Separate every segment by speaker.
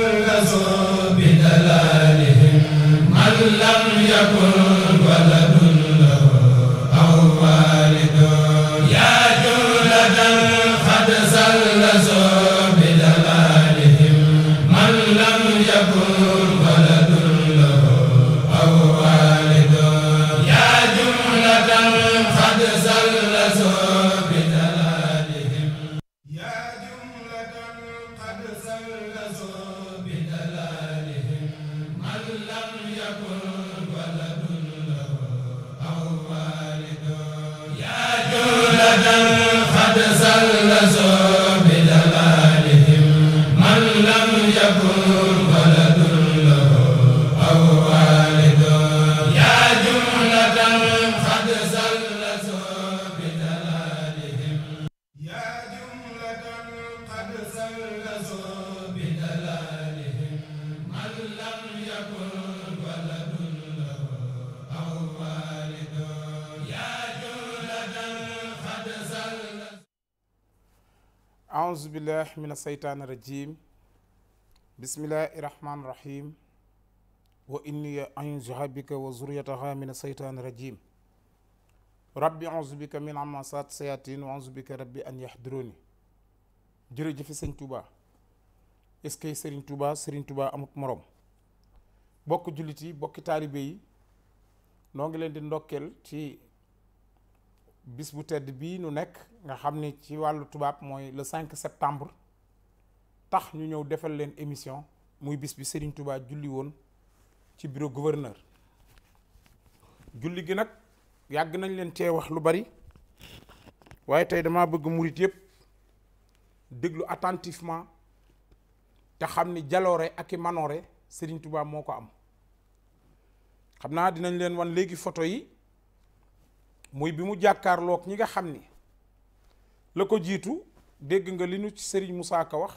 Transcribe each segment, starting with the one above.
Speaker 1: الأصابع
Speaker 2: billahi min asaytaan rajim bismillahi rahman rahim wa inni anzuha bika wa zuriyataha min asaytaan rajim rabbi anzu bika min amasat sayatin wa anzu bika rabbi an yahduruni jërëjëfe sëñ Touba est-ce que Serigne Touba Serigne Touba amut morom bokk jullit yi bokki taalibe yi noo ngi leen di ndokkeel ci bis bu tedd bii nu nekk nga xam ni ci wàllu tubaab mooy le 5 septembre tax ñu ñëw defal leen émission muy bis bi sëriñ Touba julli woon ci bureau gouverneur julli gi nag yàgg nañ leen cee wax lu bari waaye tey dama bëgg murit yépp déglu attentivement te xam ni jaloore ak i manoore Serigne Touba moo ko am xam naa dinañ leen wan léegi photo yi muy bi mu jàkkaarloog ñi nga xam ni la ko jiitu dégg nga li nu ci Serigne Moussa Ka wax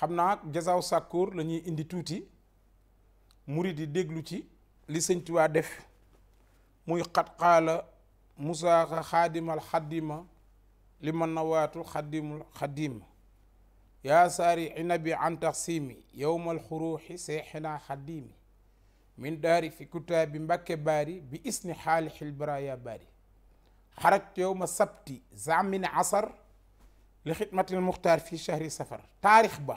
Speaker 2: xamna naa jasaaw sàkkoor la indi tuuti mouride yi déglu ci li seigne touba def muy khat qala musa khadim al li liman nawatu khadim al khadim ya sari inabi an taxsimi yowmal xuruuxi seexinaa xadimi min daari fi kutaabi mbakke baari bi isni xaali xilbaraaya baari xarajtu yowma sabti zamin asar li xidmatil muxtaar fi shahri safar taarix ba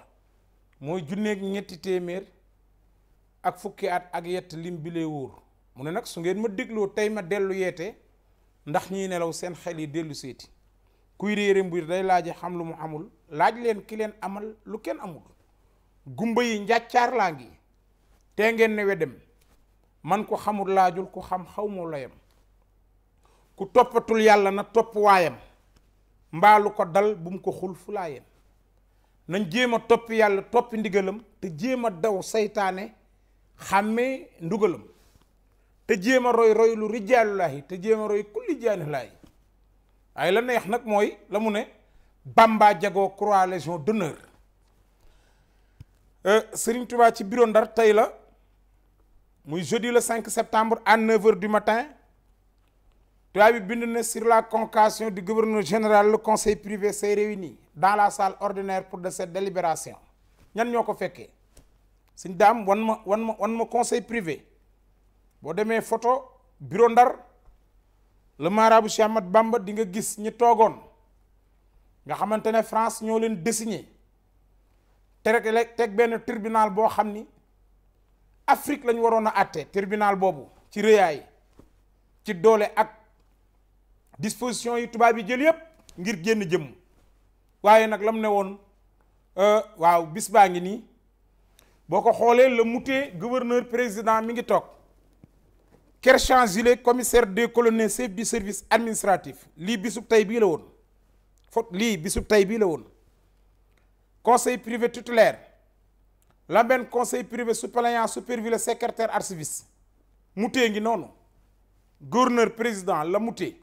Speaker 2: mooy junneeg ñetti téeméer ak fukki at ak yett lim bi lay wóor mu ne nag su ngeen ma dégloo tey ma dellu yeete ndax ñi nelaw seen xel yi dellu seeti kuy réer mbir day laaje xam lu mu amul laaj leen ki leen amal lu kenn amul gumba yi njàccaar laa ngi tee ngeen ne dem man ko xamul laajul ku xam xaw moo layam ku toppatul yàlla na topp waayam mbaalu ko dal bu mu ko xul fu laayam nañ jéem a topp yàlla toppi ndigalam te jéem a daw seytaane xàmmee ndugalam te jéem a roy roy lu rijaalulaahi te jéem a roy kulli jaanilaahi waaye la neex nag mooy la mu ne Bamba jagoo croix légion d'honneur euh, Serigne Touba ci bureau Ndar tey la muy jeudi le 5 septembre à 9 heures du matin Tu bi sur la convocation du gouverneur général le conseil privé s'est réuni dans la salle ordinaire pour de cette délibération ñan ñoo ko C'est suñ daam wan ma wan ma conseil privé boo demee photo bureau ndar le marabout Cheikh Ahmad Bamba di nga gis ñi toogoon nga xamante ne France ñoo leen désigné terek teg benn tribunal boo xam Afrique la ñu waroon tribunal Bobu. ci rëyaay ci doole ak disposition yi tubaab bi jël yëpp ngir génn jëm waaye nag lam ne woon euh, waaw bis baa ngi nii boo ko xoolee le muté gouverneur président mi ngi toog Kerchan Gillet commissaire décolonné chef du service administratif lii bisub tey bii la woon fot lii bisub tey bii la woon conseil privé tutélaire lamben conseil privé suppléant le secrétaire archiviste muté ngi noonu gouverneur président la muté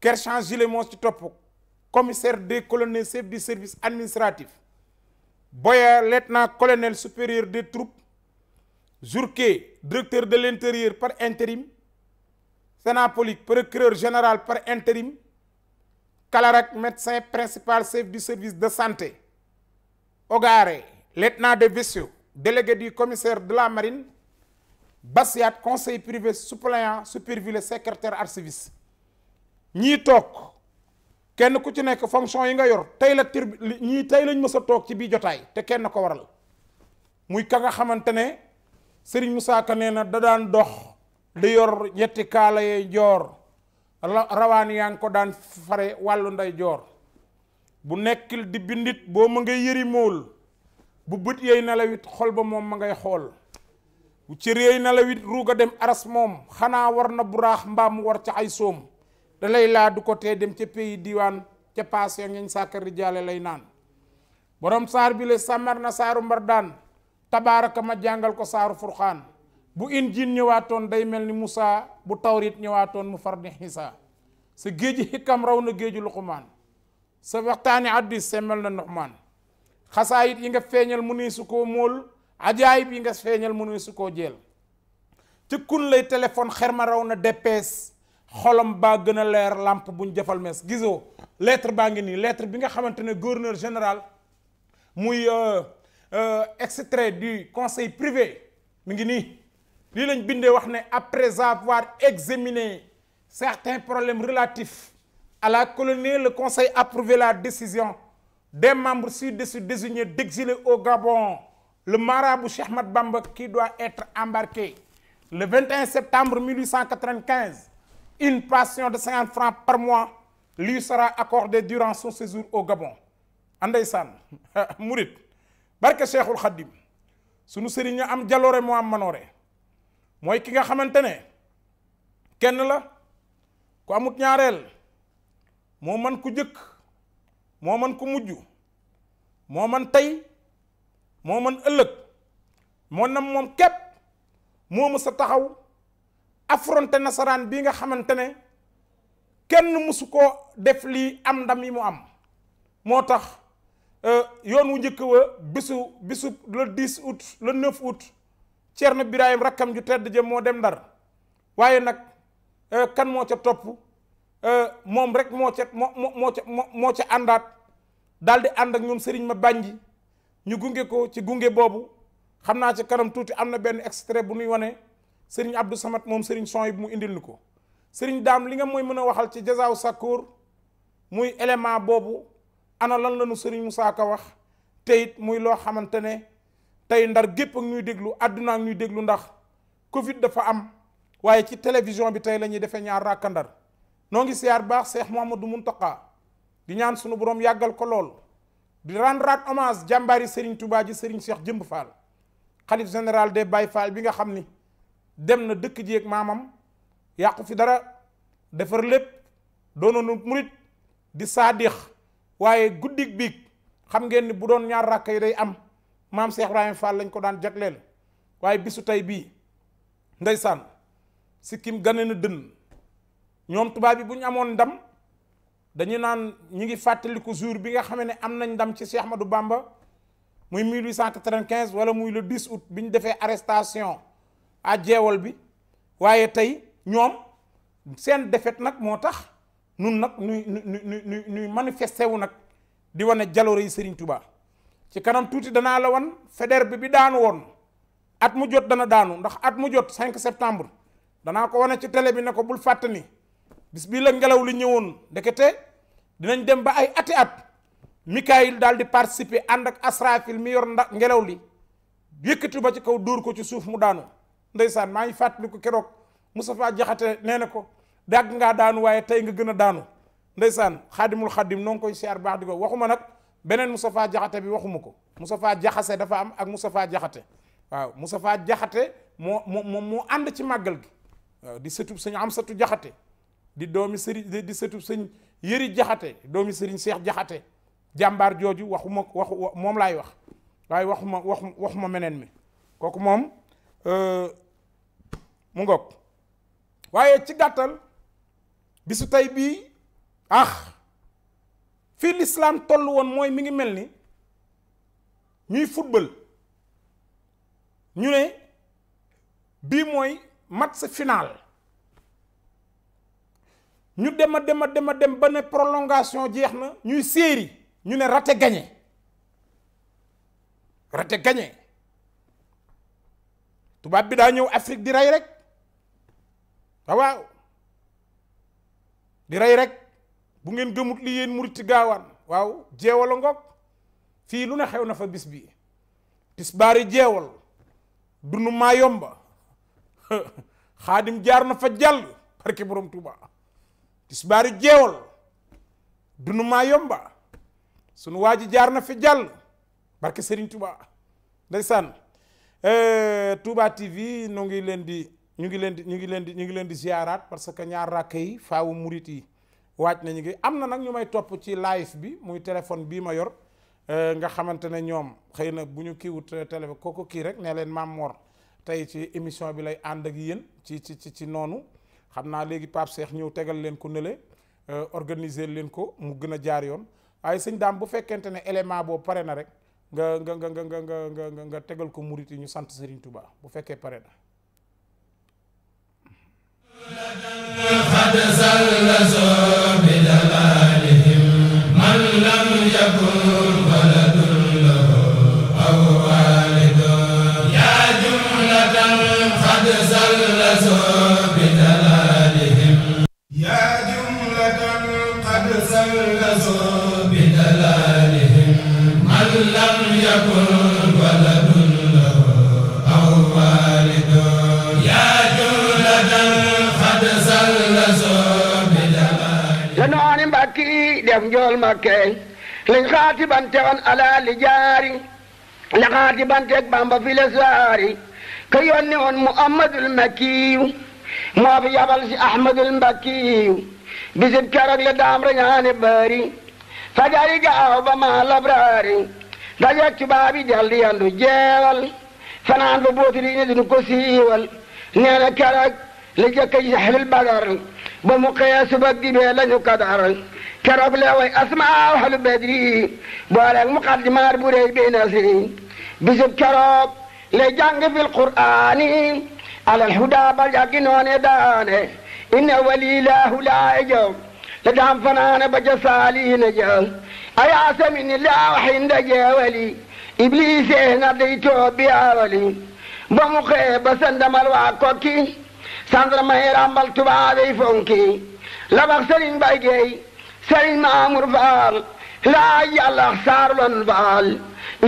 Speaker 2: Kershan Gilemon Stitopo, commissaire des colonels chef du service administratif Boyer, lieutenant colonel supérieur des troupes Jourquet directeur de l'intérieur par intérim Polic, procureur général par intérim Kalarak médecin principal chef du service de santé Ogare, lieutenant de vaisseau délégué du commissaire de la marine Bassiat conseil privé suppléant superviseur secrétaire art-service. ñii toog kenn ku ci nekk fonction yi nga yor tey la tir ñii tey lañ mës a toog ci bii jotaay te kenn ko waral muy ka nga xamante ne Serigne Moussa Ka na da daan dox di yor ñetti kaala yee joor rawaan yaa ngi ko daan fare wàllu nday joor bu nekkil di bindit boo ma ngay yëri mool bu bët yeey na la xol ba moom ma ngay xool bu cër yeey na la wit ruuga dem aras moom xanaa war na buraax mbaam mu war ca ay soom da laa du ko tee dem ca pays diwaan ca paas ya ngeen sàkkari jaale lay naan borom saar bi la sàmmar na saaru mbardaan tabaaraka ma jàngal ko saaru furxaan bu injiil ñëwaatoon day mel ni Musaa bu tawrit ñëwaatoon mu far ni xisaa sa géeji xikam raw na géeju luxumaan sa waxtaani addis semmel na nuxmaan xasaayit yi nga feeñal mu nuy su koo móol ajaayib yi nga feeñal mu nuy su koo jeel ci kun lay téléphone xer ma raw na deppees xolam baa gën a leer lettre baa lettre bi nga gouverneur général muy euh, euh, extrait du conseil privé mi ngi nii après avoir examiné certains problèmes relatifs à la colonie le conseil approuvé la décision des membres ci sud désignés d'exiler au Gabon le marabout Cheikh Bamba qui doit être embarqué le 21 septembre 1895 une pension de 50 francs par mois lui sera accordée durant son séjour au Gabon andeysaan Mourit, barke Cheikhul Khadim sunu Nous serions am jaloore Moi am manore, mooy ki nga xamantene kenn la ko amut ñaarel mo man ku jëkk mo man ku mujj mo man tay mo man ëllëg mo nam mom kep mo taxaw affronté nasaraan bii nga xamante ne kenn mësu koo def li am ndam yi mu am moo tax euh, yoon wu njëkk wa bisu bisu le 10 août le 9 août Ceerno Birahim rakkam ju tedd jëm moo dem Ndar waaye nag euh, kan moo ca topp euh, moom rek moo ca moo moo ca moo ca àndaat dal di ànd ak ñoom sëriñ ma bànji ñu gunge ko ci gunge boobu xam naa ci kanam tuuti am na benn extrait bu nuy wane sëriñ Abdou Samad moom sëriñ son yi mu indil ni ko sëriñ daam li nga mooy mën a waxal ci jasaaw sakkoor muy élément boobu ana lan la nu sëriñ Moussa wax te it muy loo xamante ne tey ndar gépp ak ñuy déglu àdduna ak ñuy déglu ndax Covid dafa am waaye ci télévision bi tey la ñuy defee ñaar rakka ndar noo ngi siyaar baax seex Cheikh Mouhamadou Mountakha di ñaan sunu borom yàggal ko lool di rendre hommage jàmbaari Serigne Touba ji Serigne Cheikh Jëmb faal xalif général des Baye Fall bi nga xam ni. dem na dëkk ji maamam yàqu fi dara defar lépp doonoonu murit di saadix waaye guddik biig xam ngeen ni bu doon ñaar ràkk yi day am maam Cheikh Ibrahima Fall lañ ko daan jagleel waaye bisu tey bii ndeysaan sikkim gane na dënn ñoom tubaab yi bu ñu amoon ndam dañu naan ñi ngi fàttaliku jour bi nga xamee ne am nañ ndam ci Cheikh Ahmadou Bamba muy 1895 wala muy le 10 août bi ñu defee arrestation à jeewal bi waaye tey ñoom seen defet nag moo tax nun nag nuy nuy nuy manifesté wu nag di wane jaloore yi Serigne Touba ci kanam tuuti danaa la wan feder bi bi daanu woon at mu jot dana daanu ndax at mu jot 5 septembre danaa ko wane ci tele bi ne ko bul fàttani ni bii la ngelaw li ñëwoon ndekete dinañ dem ba ay ati at Mikayil daal di participer ànd ak Asrafil mi yor ndax ngelaw li yëkkati ba ci kaw dóor ko ci suuf mu daanu ndeysaan maa ngi fàttaliku keroog Moustapha Jaxate nee na ko dàgg ngaa daanu waaye tey nga gën a daanu ndeysaan xaadimul xaadim noo ngi koy siyaar baax di ko waxuma nag beneen Moustapha Jaxate bi waxuma ko Moustapha Jaxase dafa am ak Moustapha Jaxate waaw Moustapha Jaxate ci màggal gi di sëtub sëñ Amsatu Jaxate di doomi sëriñ di sëtub sëñ Yëri Jaxate doomi sëriñ Cheikh Jaxate jàmbaar jooju waxuma waxu moom laay wax waaye waxuma waxuma meneen mi kooku moom Euh, mu ngoog ci bisu ah Fi l'islam won mi football ñu ne moy match final nous dem dema dem dem prolongation nous ñuy série ñu raté raté gagné tubaab bi daa ñëw afrique di rey rek ah, waaw di rey rek bu ngeen gëmut li yéen murit gaawaan waaw jeewal ngok fii lu ne xew na fa bis bi tisbaari jeewal dunu maa yomba xaadim jaar na fa jàll barke borom tuba tisbaari jeewal dunu maa yomba sunu waa jaar na fa jàll barke sëriñ tuba ndeysaan Eh, Touba TV nu ngi leen di ñu ngi leen di ñu ngi leen di ñu ngi leen di ziaraat parce que ñaar ràkk yi faawu murit yi waaj nañu ngi am na nag ñu may topp ci live bi muy téléphone bii ma yor eh, nga xamante ne ñoom xëy na bu ñu kiiwut eh, téléphone kooku kii rek ne leen Mame Mor tey ci émission bi lay ànd ak yéen ci ci ci ci noonu xam naa léegi Pape seex ñëw tegal leen ko nële organiser leen ko mu gën a jaar yoon waaye sëñ daam bu fekkente ne élément boobu pare na rek nga nga nga nga nga nga nga nga tegal ko murit yi ñu sant Serigne Touba bu fekkee pare na.
Speaker 3: Sallallahu
Speaker 1: def njool makkey liñ xaati bante woon ala li jaari la xaati banteeg bamba fi le saari ka yónni woon muhammadul makkiyu moo fi yabal si ahmadul mbakkiyu bisib keroog le daam rañaane bari fajari gaaw ba maa labraari dajeeg tubaab yi dal di yandu jeewal fanaan ba booti li ne duñu ko siiwal nee na keroog li jëkk yi xelil badar ba mu xëyee suba gibee lañu kadar keroog lee way asmaa waxlu bedri booleeg muqaddimaat bu réy bi nasri bisub keroog lay jàng fil qur'aani alal huda bal yàggi noone daane inna walilaahu laa jaw la daam fanaane ba ja saaliina jaw أيا من الله عند جاولي إبليس نضيته بأولي بمخي بسندم الواقوكي سندر مهي رامبل تبعادي فونكي لبخ سرين بايجي سرين مامور فال لا يلا خسار لنبال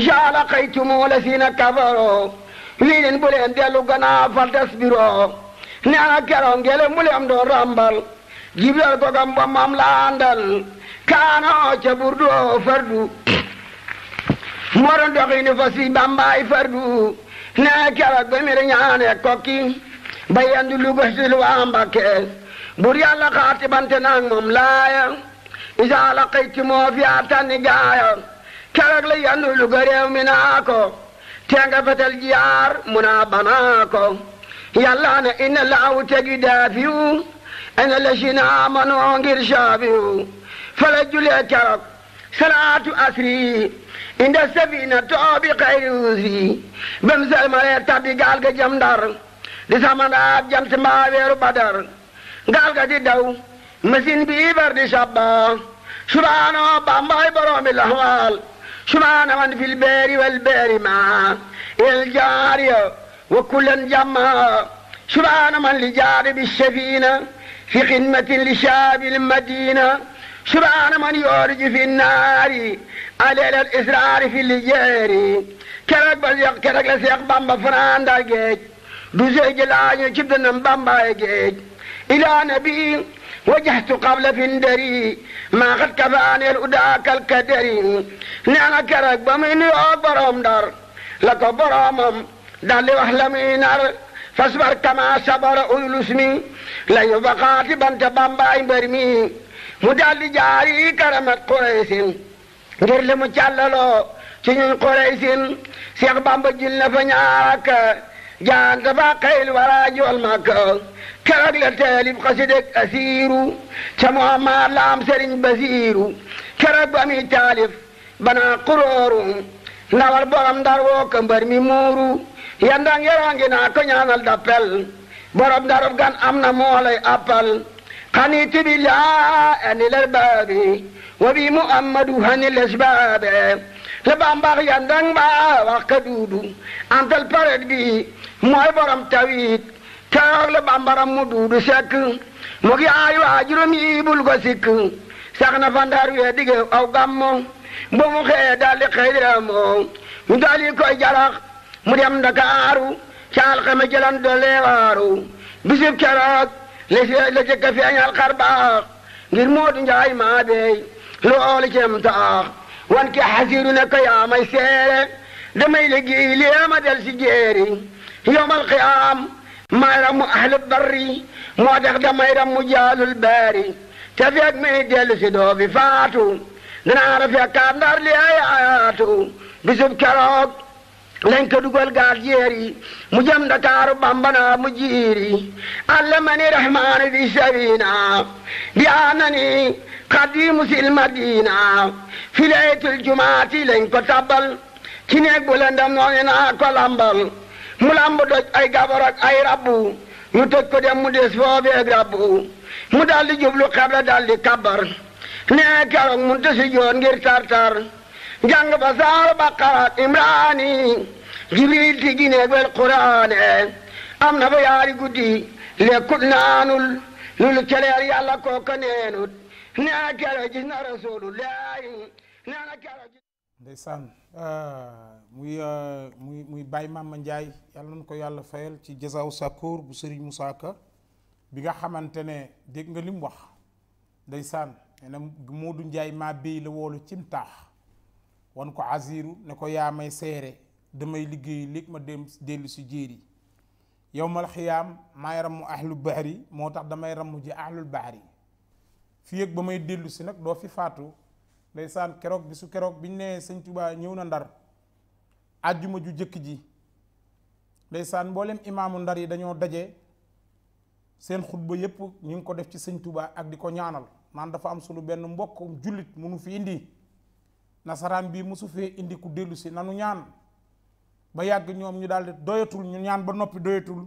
Speaker 1: جا لقيتمو لسين كفروا wiinin buleen dellu gannaaw fal des biro nee na keroog ngele mu leen doon rambal jibril ko gam ba maam la àndal kaanoo ca burdoo fardu moo doon doxinu fas yi bambaay fardu nee keroog ba mi ñaane kokki ba yendu Luga sil waa Mbakke bur yàlla xaati bante naag moom laaya isaa fi a tànni gaaya keroog la yendu Luga réew mi naa ko jiyaar mu naa banaa ko inna laawu tegi daafiyu ana la si naa ngir saabiyu فلا جلي كرب صلاة أسري إن السفينة توبي خير وزري بمسال ما يرتدي قال جم دار لسامان راب جام سما ويرو بدر قال قد دو مسين بيبر دي شابا سبحان بامباي برام الأحوال سبحان من في البيري والبيري ما الجاري وكل جمع سبحان من لجاري بالسفينة في خدمة لشاب المدينة سبحان من يولج في النار عليل الإسرار في الجير كرك بزيق كرك لسيق بامبا فران داقيت دوزيج الآن جبدنا بامبا يقيت إلى نبي وجهت قبل فندري ما قد كفاني الأداك الكدري نانا كرك بمين برام دار لك برامم دالي وحلمي نار فاصبر كما صبر أولو اسمي لا يبقى تبنت بامبا برمي mu daldi jaari karamat Quraysin ngir li mu ci ñun Quraysin Seex Bamba jil na fa ñaak jaan dafa xayl waraajool mak keroog la teelib xasideg asiiru ca Muhammad la am Sëriñ Basiiru keroog ba muy taalif banaa xurooru ndawal borom ndar woo ko mbër muuru yandang yarangi naa ko ñaanal dappel borom ndarob gan am na moo appal قنيت بالله عن الأرباب وبمحمد عن الأسباب لبامبار يندن با وقدودو أنت البرد بي موي برم تويت كار لبامبارم مدودو سك موغي آي واجرم يبول غسك سخنا فاندار ويدي أو غامو بومو خي دالي خيرامو دالي كوي جراخ mu dem Ndakaaru caal xame jëlan doole waaru bisib keroog li fi la jëkk a feeñal xar baax ngir moodu njaay maa beey loolu cem taax wan ki xasiru ne ko yaa may seere damay liggéey léema del si jéeri yowmal qiyaam may ramu ahlu barri moo tax damay ramu jaalul baari te feeg may dellu si doo fi faatu danaa la fekkaat ndar li ayaatu bisub keroog nañ ko dugal gaal mu jëm Dakaaru bambana mu jiiri allamani rahmaani bi sabina bi anani xadimu sil madina fi laytul jumaati lañ ko tabbal ci neeg bu lëndam noonu naa ko lambal mu lamb doj ay gabar ay rabbu ñu toj dem mu des foobeeg rabbu mu daldi jublu xabla daldi kabar nee keroog mu tësi joon ngir tartar jàng fa saar baqara imraani jibril ti gineeg wel quraane am na fa yaari guddi lekkut naanul lulu celeer yàlla kooka neenut neena kero gis rasulullahi neena kero gis ndeysaan ah, muy ah,
Speaker 2: muy muy Baye Mama Ndiaye yàlla nañu ko yàlla fayal ci jazaw sakoor bu Serigne Moussa Ka bi nga xamante ne dégg nga li mu wax ndeysaan nee na Moodu Ndiaye maa béy la woolu cim taax wan ko aziru ne ko yaa may seere damay liggéey léeg ma dem dellu si jéeri yowmal xiyaam maay ramu ahlul bahri moo tax damay ramu ji ahlul bahri fii ak ba may dellu si nag doo fi faatu ndeysaan keroog bi su keroog biñ nee sëñ Tuubaa ñëw na ndar àjjuma ju jëkk ji ndeysaan mboolem imaamu ndar yi dañoo daje seen xutba yépp ñu ngi ko def ci sëñ Tuubaa ak di ko ñaanal naan dafa am sunu benn mbokk jullit munu fi indi nasaraan bii mosu fee indi ku dellu si nanu ñaan ba yàgg ñoom ñu daal doyatul ñu ñaan ba noppi doyatul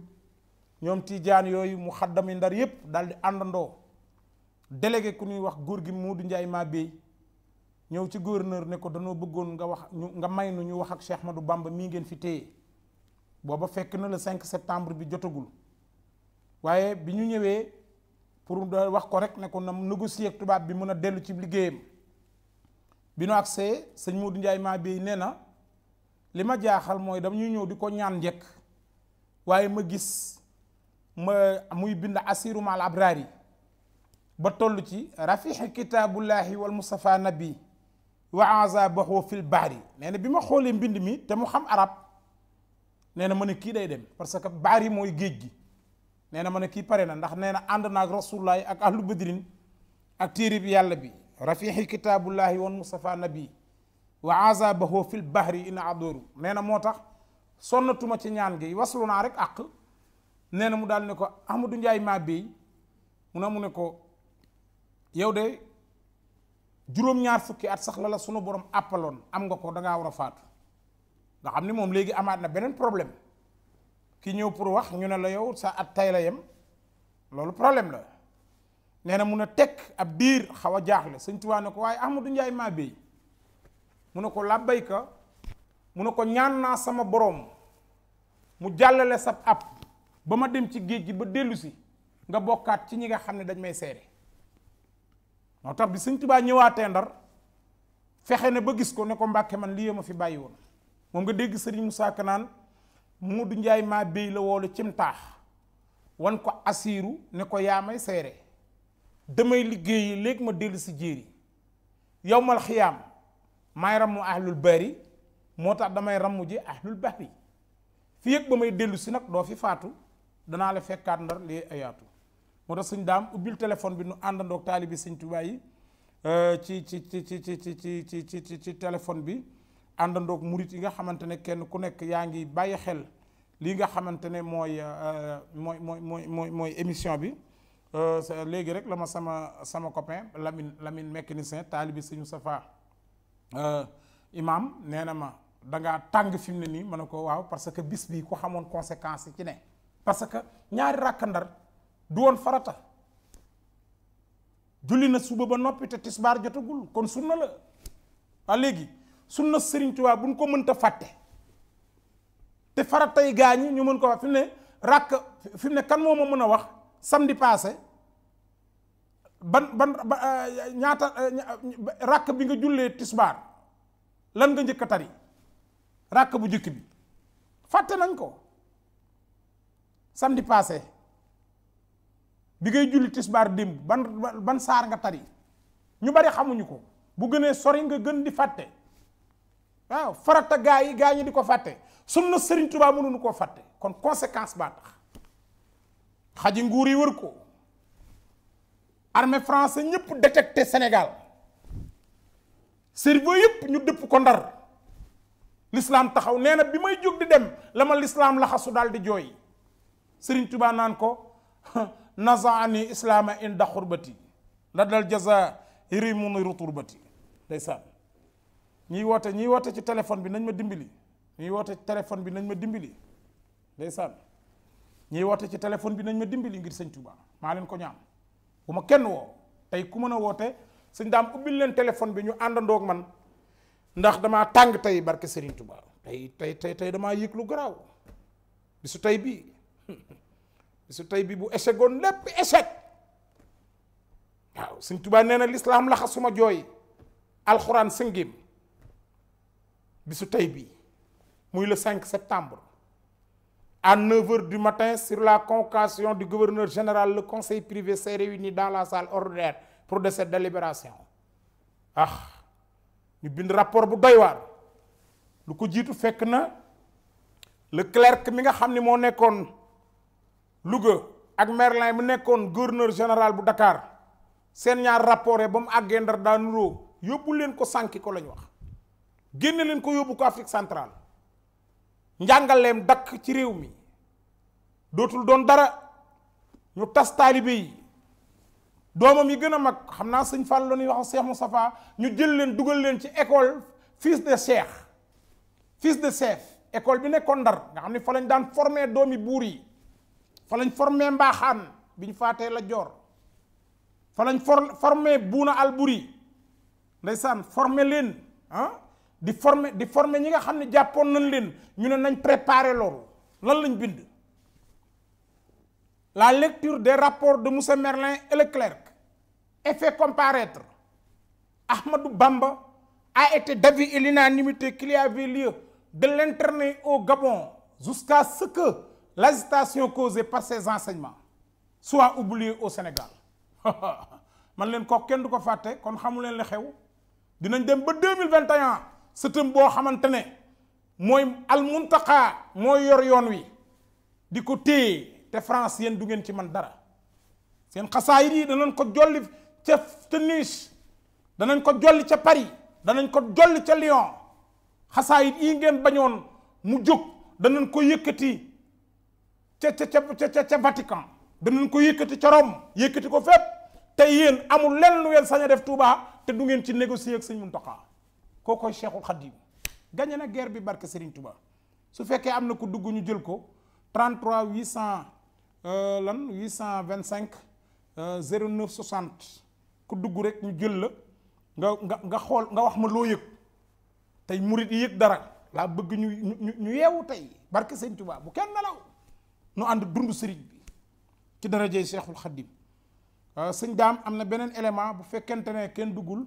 Speaker 2: ñoom tiijaan yooyu mu xaddami ndar yépp daal di àndandoo délégué ku ñuy wax góor gi Moodu Njaay maa béy ñëw ci gouverneur ne ko danoo bëggoon nga wax nga may nu ñu wax ak ma du Bamba mii ngeen fi téye booba fekk na le 5 septembre bi jotagul waaye bi ñu ñëwee pour wax ko rek ne ko na négocier ak tubaab bi mën a dellu ci liggéeyam bi nu agsee sëñ Modou Ndiaye ma béy nee lima li ma jaaxal mooy dama ñu ñëw di ko ñaan jek waaye ma gis ma muy bind asiru mal abraar yi ba toll ci rafixi kitaabullahi wal mustafa nabi wa azabahu fil baari nee na bi ma xoolee mbind mi te mu xam arab nee na ma ne kii day dem parce que baar yi mooy géej gi nee na ma ne pare na ndax nee na ànd naag ak ahlu badrin ak téere bi yàlla bi rafiixi kitaabullahi woon Moustapha nabi wa azabahu fil bahri in adoru nee na moo tax sonnatuma ci ñaan gi waslu naa rek àq nee na mu daal ne ko Ahmadou Ndiaye maa béy mu naar fukki at sax la la sunu borom àppaloon am nga ko da ngaa war faatu nga xam ni moom léegi na beneen problème ki ñëw pour wax ñu ne la yow sa at tay la yem loolu problème la nee na tek ab bir xawa jaxle seigne touba nako way Ahmadou Ndiaye maa mu ko làbbayka ñaan na sama borom mu jallale sab ab bama dem ci geejgi ba delusi nga bokkat ci ñi nga xamne dañ may séré no tax bi seigne touba ñewate Ndar fexé na ba gis ko ne ko man lii fi bàyyi woon moom nga dégg seigne Moussa Ka Modou Ndiaye la wolu wan ko asiru ne ko yaa may damay liggéeyi léegi ma dellu si jéeri yow mal xiyaam maay ramu ahlul bari moo tax damay ramu ji ahlul bahri fi yëg ba may dellu si nag doo fi faatu danaa la fekkaat ndar li ayaatu moo tax suñ daam ubbil téléphone bi nu àndandoog taalibi sëñ Tuubaa yi ci ci ci ci ci ci ci ci ci ci ci téléphone bi àndandoog murit yi nga xamante ne kenn ku nekk yaa ngi bàyyi xel li nga xamante ne mooy mooy mooy mooy mooy émission bi Euh, léegi rek la ma sama sama copain Lamine Lamine mécanicien taalibi sëñ Moustapha euh, imam nee na ma dangaa tàng fi ne nii mën ne ko waaw parce que bis bii ku xamoon conséquences yi ci ne parce que ñaari rakk ndar du woon farata julli na suba ba noppi te tisbaar jotagul kon sunna la waa léegi sunna Sëriñ Tuubaa buñ ko mënta fàtte te faratay gaañi ñu mën ko wax fi mu ne rakk fi mu ne kan moo ma mën a wax samedi passé ban ban euh, ñaata euh, ràkk bi nga jullee tisbaar lan nga njëkk a tari ràkk bu njëkk bi fàtte nañ ko samedi passé bi ngay julli tisbaar démb ban ban saar nga tari ñu bari xamuñu ko bu gënee sori nga gën di fàtte waaw farata gaa yi gaa ñi di ko fàtte sunna Sëriñ Tuubaa mënuñu koo fàtte kon conséquence baa tax xaji nguur yi wër ko armée français ñëpp détecté Sénégal cerveau yëpp ñu dëpp ko ndar l'islam taxaw nee na bi may jóg di dem la ma l'islam laxasu daal di jooy Sëriñ Tuubaa naan ko nazaani islaama inda xurbati la dal jaza yërimun ruturbati ndeysaan ñiy woote ñiy woote ci téléphone bi nañ ma dimbali ñiy woote ci téléphone bi nañ ma dimbali ñuy woote ci téléphone bi nañ ma dimbali ngir sëñ Touba maa leen ko ñaam bu ma kenn woo tey ku mën a woote sëñ daam ubbil leen téléphone bi ñu àndandoo ak man ndax damaa tàng tey barke Serigne Touba tey tey tey damaa yëg lu garaaw bisu tey bii su tey bii bu échec lépp échec waaw sëñ Touba nee na lislaam laxa suma jooy alxuraan sëngéem bisu tey bii muy le 5 septembre. à 9h du matin, sur la convocation du gouverneur général, le conseil privé s'est réuni dans la salle ordinaire pour de cette délibération. Ah, eu un rapport bu doy waar lu ko jiitu fekk que le clerc mi nga xam ni le nekkoon Louga ak Merlin mi nekkoon gouverneur général bu Dakar seen ñaar rapport il mu àggee ndar daanuroo yóbbu leen ko sànki ko Il wax génne leen ko qui ko Afrique centrale njàngaleem dakk ci réew mi dootul doon dara ñu tas taalibe yi doomam yi gën a mag xam naa sëñ Fall la ñuy wax Cheikh Moustapha ñu jël leen dugal leen ci école fils de Cheikh fils de chef école bi nekkoon Ndar nga xam ne fa lañ daan formé yi buur yi fa lañ formé mbaaxaan bi ñu faatee la joor fa lañ formé buuna alburi ndeysaan formé leen ah di former di former ñi nga ne nañ leen ñu ne nañ préparer lolu lan lañ bind la lecture des rapports de Moussa Merlin et Leclerc a fait comparaître Ahmadou Bamba a été d'avis et l'unanimité qu'il y avait lieu de l'interner au Gabon jusqu'à ce que l'agitation causée par ses enseignements soit oubliée au Sénégal man leen ko kenn du ko fàtte kon xamu leen li xew dinañ dem ba 2021 sëtëm haman xamantene moy al muntaqa moy yor yon wi diko ko te France yéen du ngeen ci man dara seen xasaayit yi danañ ko jolli ci tunis danañ ko jolli ci Paris danañ ko jolli ci Lyon xasaayit yi ngeen bañoon mu jóg danañ ko yëkkati ci ci ci ci Vatican danañ ko yëkkati ci Rome yëkkati ko fep te yeen amul lenn lu ngeen sañ def Touba te du ngeen ci négocier ak Muntaqa koo koy Cheikhul Khadim gagné na geer bi barke Serigne Touba su fekkee am na ku dugg ñu jël ko 33 800 euh, lan vingt cinq 825 09 60 ku dugg rek ñu jël la nga nga nga xool nga wax ma loo yëg tey murit yi yëg dara laa bëgg ñu ñu ñu yeewu tey barke Serigne Touba bu kenn nelaw nu ànd dund Serigne bi ci darajey Cheikhul Khadim euh, sëñ daam am na beneen élément bu fekkente ne kenn duggul.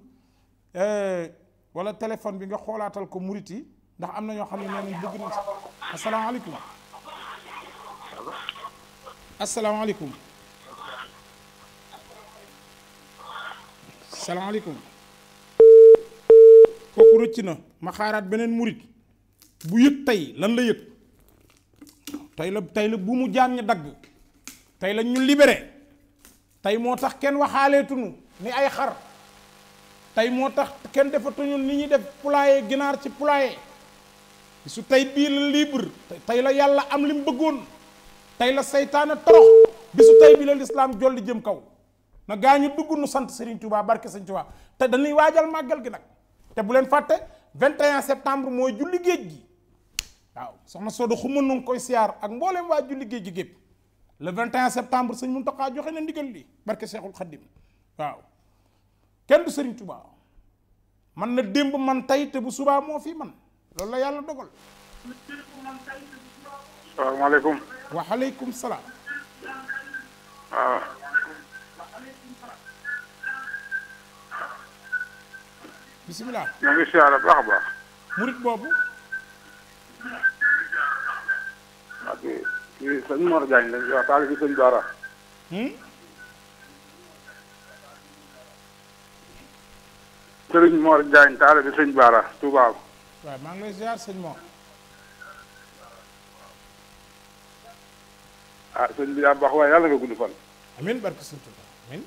Speaker 2: Euh, ولا تليفون بيغا خولاتال كو موريتي دا امنا ньо خامي نين بوغ السلام عليكم السلام عليكم السلام عليكم كوكو روتينا ما خارات بنين موريت بو ييك تاي لان لا ييك تاي لا تاي لا بومو جان ني تاي لا نيو تاي موتاخ كين وخالاتونو ني اي tay motax ken defatu ñun ni ñi def poulailler ginar ci poulailler su tay bi la libre tay la yalla am lim bëggoon tay la shaytan torox bisu tay bi islam lislaam jolli jëm kaw na gañu ñu dugg nu sante Serigne Touba barke Serigne Touba te dañuy wajal magal gi nak te bu len fàtte 21 septembre moy julli geej gi waaw soxna Sodo xuma nu koy siar ak mbooleem wa julli geej gi gep le 21 septembre serigne Mountakha joxe na ndigal li barke Cheikhul Khadim waaw kenn du sëriñ Tuubaa man na démb man tey te bu subaa moo fi man loolu la yàlla dogal
Speaker 3: salaamaaleykum waaleykum salaam waaw ah. bisimilah ñoo ngi siyaara baax a murit boobu ak kii sëñ Mor Diagne lañ wax sëriñ Mor Diagne taale bi Baara Touba.
Speaker 2: waaw maa ngi lay ziar ah sëñ
Speaker 3: bi yaa baax waaye yàlla nga gudd fan.
Speaker 2: amiin barke sëñ Touba amiin.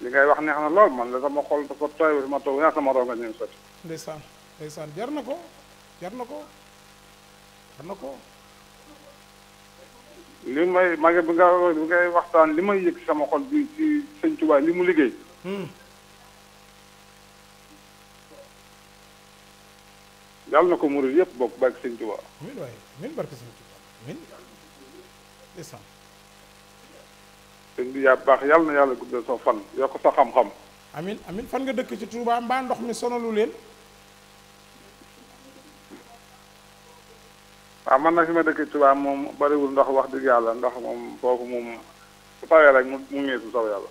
Speaker 3: li ngay wax neex na lool man la sama xol dafa tooy ba sama toog yaa sama ronga ñu ngi sotti.
Speaker 2: ndeysaan ndeysaan na ko jar ko
Speaker 3: jar ko. li may mage bi nga bi ngay waxtaan li may yëg sama xol bi ci sëñ Tuubaa li mu liggéey. Hmm. yàlla na ko murid yëpp bokk bàyyi sëñ Tuubaa.
Speaker 2: amiin waay amiin barke sëñ Tuubaa amiin.
Speaker 3: ndeysaan. bi yaa baax yàlla na yàlla guddal sa fan yokk sa xam-xam.
Speaker 2: amiin amiin fan nga dëkk ci Tuubaa mbaa ndox mi sonalu leen.
Speaker 3: am ah, man nag fi ma dëkk Touba moom bariwul ndox wax dëgg yàlla ndox moom foofu moom su tawee rek mu mu ngi su sow yàlla.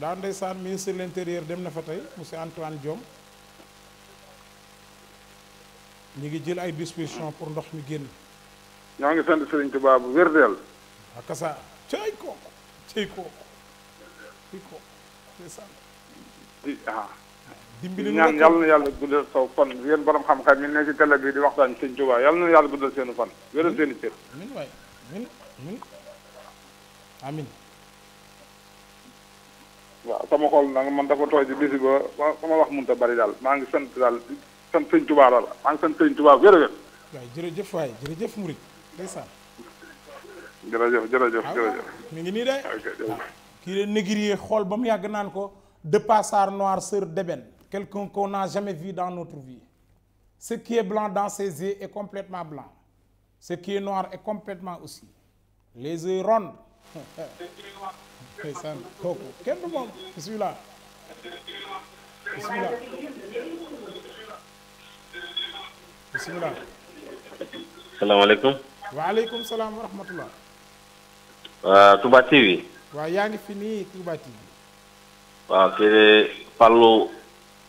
Speaker 2: daa ndeysaan ministre de l'intérieur dem na fa tey monsieur Antoine Diome ñu ngi jël ay dispositions pour ndox mi génn.
Speaker 3: ñoo ngi sant Serigne Touba bu wér deel. waaw
Speaker 2: ah, kasa cay kooku cay kooku cay kooku
Speaker 3: ndeysaan. ah. dimbali ñaan yàlla na yàlla guddal saw fan yéen borom xam-xam yi nekk ci télé bi di waxtaan guddal seen fan seen amin
Speaker 2: waay amin amin amin
Speaker 3: waaw sama xol nag man dafa tooy ci bisi ba sama wax munta bari daal maa ngi sant daal sant sëñ Tuubaa daal maa ngi sant sëñ Tuubaa wér wér
Speaker 2: waay jërëjëf waay jërëjëf murid ndeysaan
Speaker 3: ah, mi ngi de ah,
Speaker 2: kii leen négrier xool ko de passar noir sœur deben. quelqu'un qu'on n'a jamais vu dans notre vie. Ce qui est blanc dans ses yeux est complètement blanc. Ce qui est noir est complètement aussi. Les yeux ronds. Quel monde Celui-là. Celui-là. Celui-là. Salam alaikum. Wa alaikum salam wa rahmatullah.
Speaker 4: Uh, Touba TV.
Speaker 2: Wa yaa fini. Touba TV.
Speaker 4: Wa fii de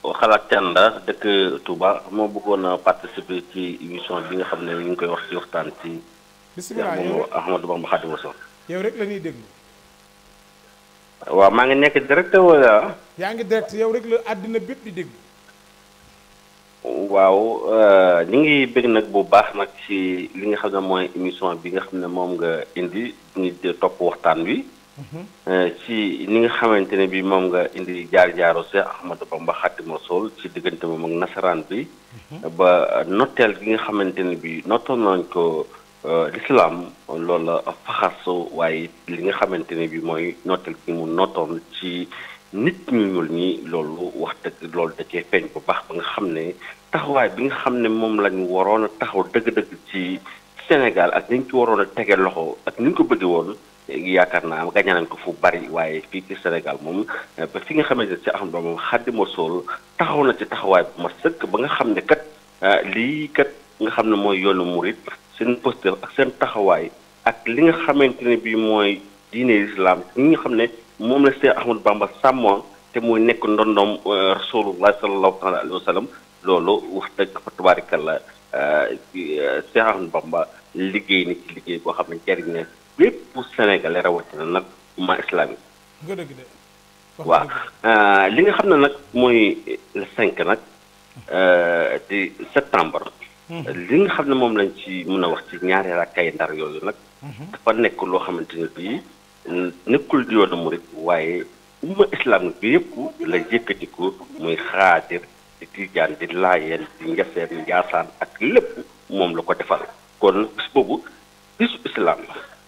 Speaker 4: xalaat Thianda dëkk Touba moo bëggoon a participer ci émission bi nga xam ne ñu ngi koy wax ci waxtaan ci.
Speaker 2: bisimilah yow
Speaker 4: Ahmadou Bamba Khadimu Rasul
Speaker 2: yow rek ñuy déglu.
Speaker 4: maa ngi nekk direct wala.
Speaker 2: yaa ngi direct yow rek la àddina bépp di déglu.
Speaker 4: waaw euh, ñu ngi bëgg nag bu baax nag ci li nga xam ne mooy émission bi nga xam ne moom nga indi ñu topp waxtaan wi. Euh, ci ni nga xamante ne bi moom nga indi jaar jaaro Seex Ahmadu Bamba Xaadimu Rasuul ci diggante moom ak nasaraan bi mhm. ba notteel gi nga xamante ne bi nottoon nañ ko euh, lislaam loolu la faxasu waaye li nga xamante ne bi mooy notteel gi mu nottoon ci nit ñu ñuul ñi loolu wax dëgg loolu da cee feeñ bu baax ba nga xam ne taxawaay bi nga xam ne moom lañ waroon a taxaw dëgg-dëgg ci Sénégal ak ni ko waroon a tege loxo ak nuñ ko bëgg woon yaakaar naa gañe nañ ko fu bari waaye fii ci Sénégal moom ba fi nga xamante ne si axam ba moom Xaadimu Rasuul taxaw na ci taxawaay bu ma sëkk ba nga xam ne kat ah, lii kat nga xam ne mooy yoonu murit seen posture ak seen taxawaay ak li nga xamante ne bii mooy diine islam ñi nga xam ne moom la Seex Ahmadu Bamba sàmmoon te muy nekk ndondoom euh, rasulullah sallallahu alayhi wa sallam loolu wax dëgg fa tubaarikàlla Seex euh, euh, Ahmadu Bamba liggéey na ci liggéey boo xam ne bépp Sénégalais rawatina nag umma islamique.
Speaker 5: nga dëgg euh,
Speaker 4: li nga xam ne nag mooy cinq nag euh, di septembre. Hmm. li nga xam ne moom lañ ci mën a wax ci ñaari rakkay ndar yooyu nag. Hmm. dafa nekk loo xamante ne bii nekkul di yoonu murit waaye umma islamique bi yëpp la yëkkati muy xaadir di tijaan di laayeen di ngeseen njaasaan ak lépp moom la ko defal kon boobu bisu islam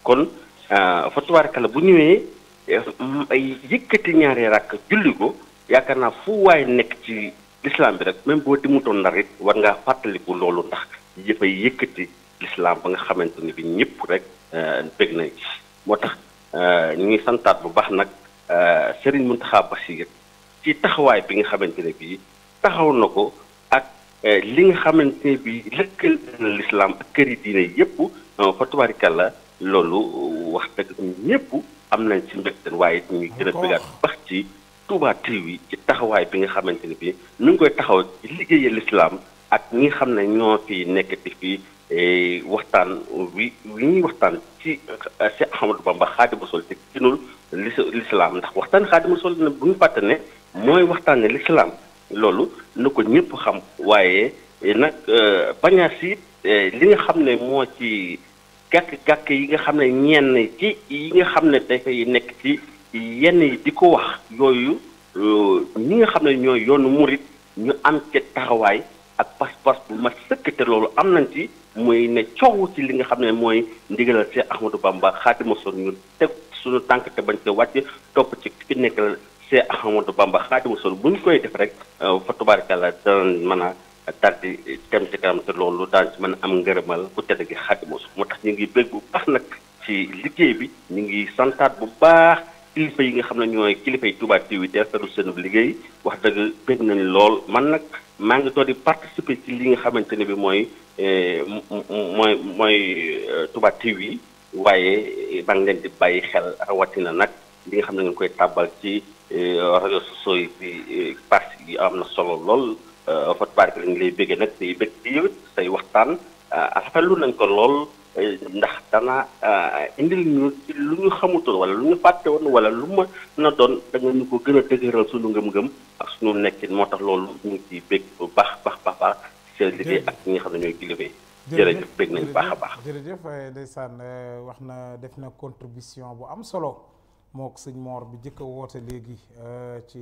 Speaker 4: kon euh, fa tubaarkalla bu ñëwee euh, ay yëkkati ñaari rakk julli ko yaakaar naa fu waaye nekk ci lislaam bi rek même boo demutoon ndar it war ngaa fàttaliku loolu tax ndax dafay yëkkati lislaam ba nga xamante ni bi ñëpp rek euh, bëgg nañ ci moo tax ñu ngi santaat bu baax nag Serigne Mountakha Bassirou ci taxawaay bi nga xamante ne bii taxaw na ko ak li nga xamante ne bii lëkkal lislaam ak kër yi diine yëpp fa tubaarkalla loolu wax dëgg ñëpp am nañ ci mbégte waaye it ñu gën a bëggaat bax ci Touba TV ci taxawaay bi nga xamante ni bi ñu ngi koy taxaw ci liggéeyal lislaam ak ñi nga xam ne ñoo fi nekk di fii eh, waxtaan wi wi ñuy waxtaan ci si eh, Ahmadou Bamba Xaadimu Rasuul te kinul lislaam ndax waxtaan Xaadimu Rasuul ne bu ñu fàtte ne mooy waxtaane lislaam loolu na ko ñëpp xam waaye eh, nag bañaas it li nga xam ne moo ci gàkk-gàkk yi nga xam ne ñenn ci yi nga xam ne dafay nekk ci yenn yi di ko wax yooyu euh, ñi nga xam ne ñooy yoonu murit ñu am ca taxawaay ak pas-pas bu ma sëkk te loolu am nañ ci muy ne coow ci li nga xam ne mooy ndigalal Cheikh Ahmadou Bamba xaatima son ñu teg suñu tànk te bañ ko wàcc topp ci fi nekkal Cheikh Ahmadou Bamba xaatima sol bu ñu koy def rek euh, fa tubaarkàlla danañ mën a daal di dem ci kanam te loolu daal ci mën am ngërëmal ku tedd gi Xaadimu Rasuul moo tax ñu ngi bëgg bu baax nag ci liggéey bi ñu ngi santaat bu baax kilifa yi nga xam ne ñooy kilifa yi Touba TV te rafetlu seen liggéey wax dëgg bëgg nañu lool man nag maa ngi doon di participer ci li nga xamante ne bi mooy eh, mooy mooy eh, Touba yi waaye eh, maa ngi di bàyyi xel rawatina nag li nga xam ne ngeen koy tàbbal ci réseaux sociaux yi bi parce que am na solo lool. Hot Park lañ lay béggee nag say bët di yëwit say waxtaan euh, rafetlu nañ ko lool euh, ndax dana euh, indil ñu ci lu ñu xamutoon wala lu ñu fàtte woon wala lu ma na doon da ñu ko gën a dëgëral suñu ngëm-ngëm ak suñu nekkin moo tax loolu ñu ngi ciy bégg bu baax baax baax baax seen ak ñi xam ne ñooy kilifa yi a
Speaker 2: baax jërëjëf wax na def na contribution bu am solo moo ko sëñ Mor bi jëkk a woote léegi ci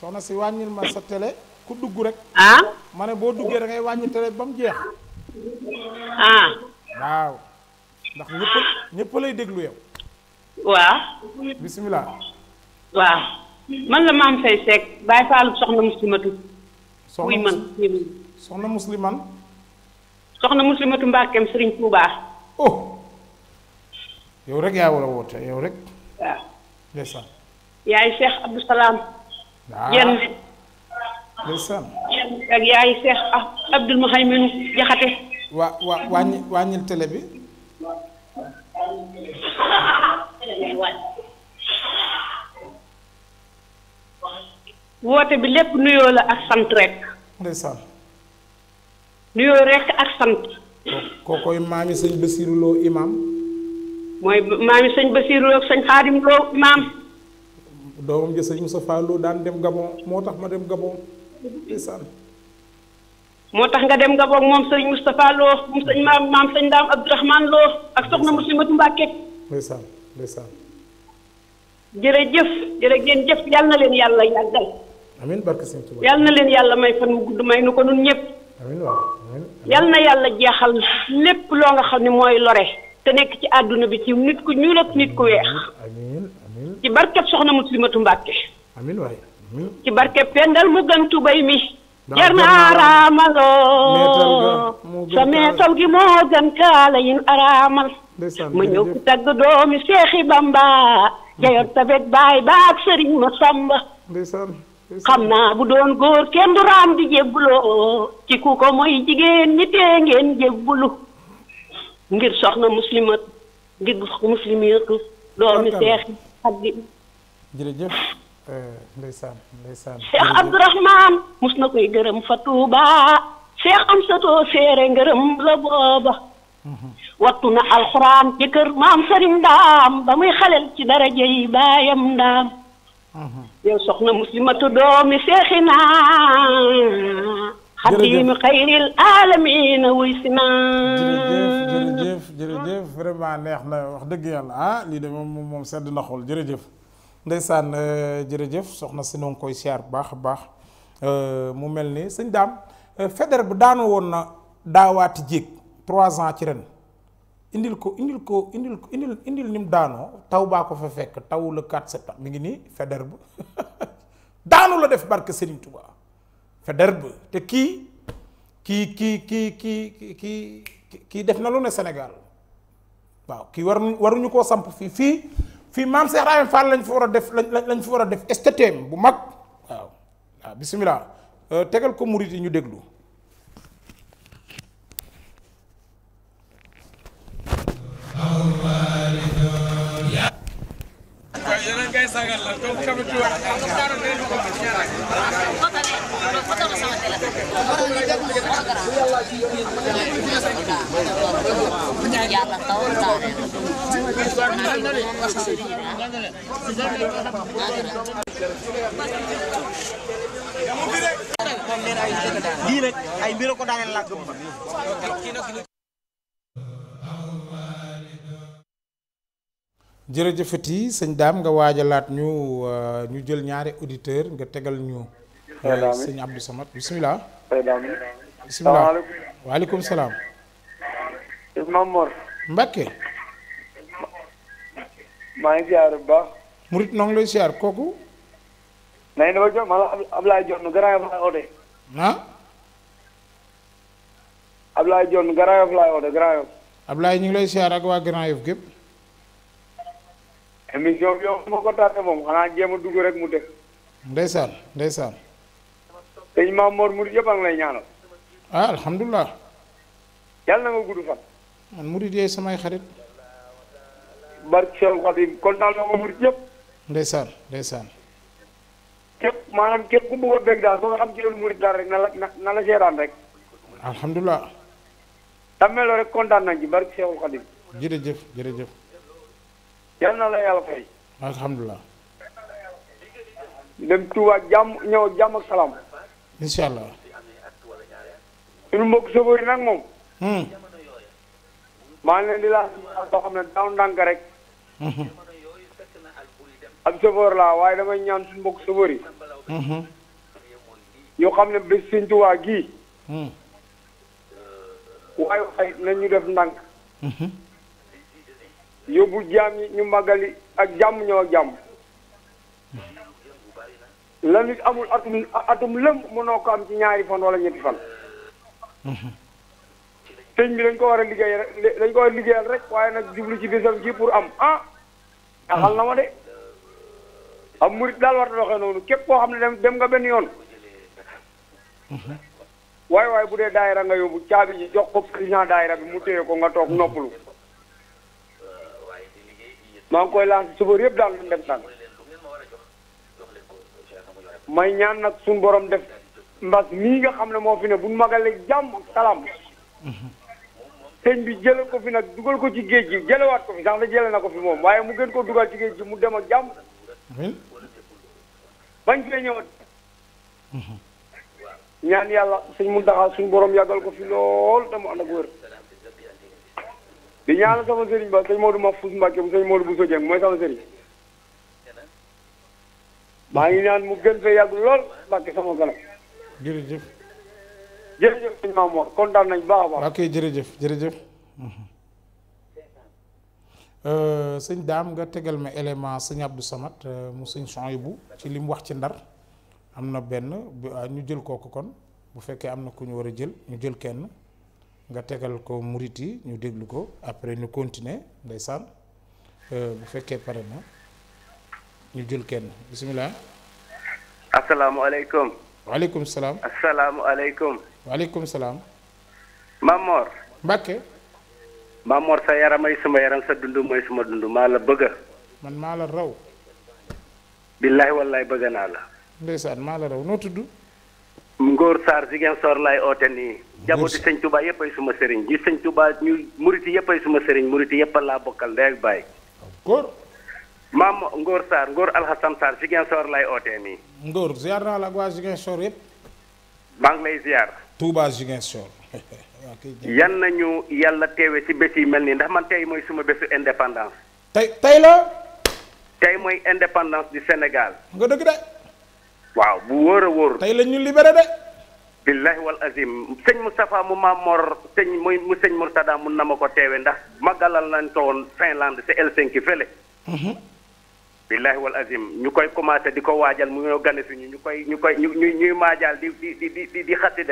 Speaker 2: soxna si wàññil ma sa télé ku dugg rek. ah. ma boo duggee da ngay wàññi télé ba mu jeex. ah. waaw ndax ñëpp
Speaker 6: ñëpp lay déglu yow. waaw. bisimilah. waaw man la maam Faye Seck bàyyi faalu soxna muslimatu. soxna man soxna musliman. soxna muslimatu Mbàkkeem Serigne Touba. oh
Speaker 2: rek yaa war a woote yow rek.
Speaker 6: yaay Cheikh Abdou
Speaker 2: jenn ah.
Speaker 6: ak yaay Seex ah, Abdul Muhayminu Jaxate
Speaker 2: waa waa wàññi wàññil télé bi
Speaker 6: woote bi lépp nuyoo la ak sant rek ndeysaan nuyoo rek ak sant kookoy maami sëñ Basiru Lo imaam mooy maami sëñ Basiru Lo ak Xaadim Lo imaam doomam ja
Speaker 2: sëñ Moustapha daan dem Gabon moo tax ma dem Gabon
Speaker 6: moo tax nga dem Gabon moom sëñ Moustapha Lo moom sëñ maam maam sëñ Daam Abdourahmane ak soxna Muslimatu Mbàkke
Speaker 2: ndeysaan ndeysaan
Speaker 6: jërëjëf jërë ngeen jëf yal na leen yàlla yàggal amin barke sëñ na leen yàlla may fan mu gudd may nu ko nun ñëpp amin waaw yal na yàlla lépp loo nga xam ni mooy lore te nekk ci àdduna bi ci nit ku ñuul ak nit ku weex ci barke soxna muslimatu mbàkke amin way ci barke pendal mu gën tubay mi jar na araamaloo sa meetal gi mo gën kala yin aramal ma ku doomi cheikh bamba jayoon tabet ba ak sëriñ ma samba xamna bu doon goor kenn du ram di jeblo ci ku ko moy jigen ni te ngeen ngir soxna muslimat ngir muslimatu doomi cheikh Xaadim jërëjëf
Speaker 2: eh, ndeysaan ndeysaan Cheikh
Speaker 6: Abdourahmane mus na koy gërëm fa Touba Cheikh Amsatou séere ngërëm la booba mhm. wattu na alxuraan ci kër maam sëriñ ndaam ba muy xalel ci daraja baayam ndaam mhm. yow soxna muslimatu doomi seexi حكيم خير العالمين ويسمع jërëjëf jërëjëf vraiment
Speaker 2: neex na wax dëgg yàlla ah lii de moom moom sedd na xol jërëjëf ndeysaan jërëjëf soxna si noo ngi koy siyaar bu baax a baax mu mel ni sëñ daam feder bu daanu woon na daawaati jéeg trois ans ci ren indil ko indil ko indil ko indil indil ni mu daanoo taw baa ko fa fekk taw le 4 septembre mi ngi nii feder bu daanu la def barke Serigne Touba Faidherbe te kii kii kii kii kii kii kii def na lu ne Sénégal waaw kii waruñu waruñu koo samp fii fii fii maam Cheikh Ibrahima Fall lañ fa war a def lañ lañ fa war a def STTM bu mag waaw waaw euh, tegal ko murit ñu déglu.
Speaker 1: yàlla tawul taale
Speaker 2: daam nga waajalaat ñu euh, ñu jël ñaari auditeur nga tegal ñu waaw sëñ Abdou Samad bisimilah.
Speaker 7: salaam. Maam Mor. maa ngi ziar bu baax.
Speaker 2: Murit noo ngi lay ziar kooku.
Speaker 7: nañ la ba jox ma la Ablaye Dione Garaayof laay oote. ah. Ablaye Dione Garaayof laay oote Garaayof.
Speaker 2: Ablaye ñu ngi ak waa Garaayof
Speaker 7: gépp. émission bi yow ma ko tardé moom xanaa jéem dugg rek mu def.
Speaker 2: ndeysaan ndeysaan.
Speaker 7: sëñ Maam Mor murid yëpp a ngi lay ñaanal.
Speaker 2: ah alhamdulilah.
Speaker 7: yàlla na nga gudd fan.
Speaker 2: man murid yee samay xarit.
Speaker 7: barke Seex Xaadim kontaan na nga murid képp maanaam képp ku bëgg a bëgg daal ba nga xam ci loolu murid daal rek na la seeraan rek.
Speaker 2: alhamdulilah.
Speaker 7: tàmmeeloo rek kontaan nañ ci barke Seex Xaadim.
Speaker 2: jërëjëf jërëjëf.
Speaker 7: yal na la yàlla fay. alhamdulilah. dem Touba jàmm ñëw jàmm salaam. Insyaallah. Allah. mbokk sofori nag moom maa leen di laaj loo xam ne daaw ndànk rek ab sofoor laa waaye damay ñaan suñu mbokk sofoor yi ñu xam ne ak jam ah, jam. lan nit amul atum atum lëmb mënoo ko am ci ñaari fan wala ñetti fan. sëñ bi dañ ko war a liggéey rek dañ ko war a liggéeyal rek waaye nag jublu ci bisam ji pour am ah. taxal na ma de. am murit daal war a noonu képp koo xam ne dem dem nga benn yoon. waaye waaye bu dee daayira nga yóbbu caabi ji jox ko président daayira bi mu téye ko nga toog noppalu. maa ngi koy lancé suba yëpp daal nañ dem tànn. may ñaan nag suñu borom def mbas mii nga xam ne moo fi ne bu magalee jàmm ak salaam. sëñ bi jële ko fi nag dugal ko ci géej gi jëlewaat ko fi sax da jële na ko fi moom waaye mu gën ko dugal ci géej gi mu dem ak jàmm. bañ fee ñëwaat. Mhm. ñaan yàlla sëñ mu daxaa suñu borom yàggal ko fi lool te mu ànd ak wër. di ñaanal sama sëriñ ba sëñ Modou Mahfouz Mbacke bu sëñ Modou Bousso Dieng mooy sama sëriñ. maa ngi ñaan mu gën fee yàgg lool Mbacke sama kanam. jërëjëf. jërëjëf sëñ
Speaker 2: euh, sëñ daam nga tegal ma élément sëñ Abdou Samad euh, mu sëñ bu ci li wax ci ndar am na benn ah, ñu jël kooku kon bu fekkee am na ku ñu war a jël ñu jël kenn nga tegal ko murit ñu déglu ko après ñu continuer ndeysaan euh, bu fekkee pare na. ñu jël kenn bisimilah.
Speaker 8: asalaamualeykum.
Speaker 2: waaleykum salaam.
Speaker 8: asalaamualeykum.
Speaker 2: waaleykum salaam.
Speaker 8: Mamor. Mbacke. Mamor sa yaramay sama yaram sa dund mooy sama dund maa la bëgg.
Speaker 3: man maa la raw.
Speaker 8: billahi wallahi bëgg naa la.
Speaker 2: ndeysaan maa la raw noo tudd.
Speaker 8: Ngor Sarr Ziguinchor laay oote nii. jabooti sëñ Touba yëpp ay suma sëriñ ji sëñ Touba ñu muriti yëpp suma sëriñ muriti yëpp laa bokkal ndey ak baay. góor. maam Ngor Sarr Ngor Alxasan Sarr Ziguinchor lay ootee nii.
Speaker 2: Ngor ziar naa la ak waa Ziguinchor yëpp.
Speaker 8: maa ngi lay ziar.
Speaker 2: Touba Ziguinchor.
Speaker 8: yan nañu yàlla teewe si bët yi mel nii ndax man tey mooy suma bésu indépendance. tey tey la. tey mooy indépendance du Sénégal. nga dëgg de. waaw bu wóor wóor. tey la ñu libéré de. billahi wal azim sëñ mu maam Mor sëñ muy mu sëñ Mourtada mun na ma ko teewe ndax magalal nañ ko woon Finlande c'est Helsinki fële. Mhm. billahi wal azim ñu koy commencé di ko waajal mu ñoo gane suñu ñu koy ñu koy ñu ñuy maajaal di di di di di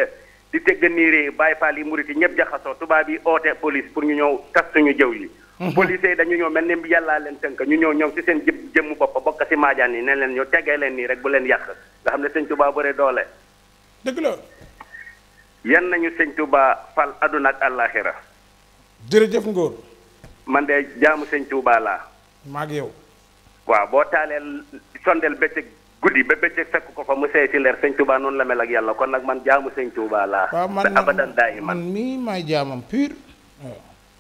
Speaker 8: di tëgg niiree bàyyi faal yi murit yi ñëpp jaxasoo tubaab yi oote police pour ñu ñëw tas suñu jëw yi. Mhm. police yi dañu ñëw mel ni yàllaa leen tënk ñu ñëw ñoom ci seen jë jëmmu bopp bokk si maajaan yi ne leen ñoo tegee leen nii rek bu leen yàq nga xam ne sëñ Tuubaa bëre doole. dëgg la. yan nañu sëñ Tuubaa fal aduna ak àllaaxira.
Speaker 2: jërëjëf Ngor.
Speaker 8: man de jaamu sëñ Tuubaa laa. maa ngi yow. waaw boo taalee sondeel bëccëg guddi ba bëccëg fekk ko fa mu seey leer sëñ Touba noonu la mel ak yàlla kon nag man jaamu sëñ Touba laa. waaw man abadan daay
Speaker 2: man mii maay jaamam pur.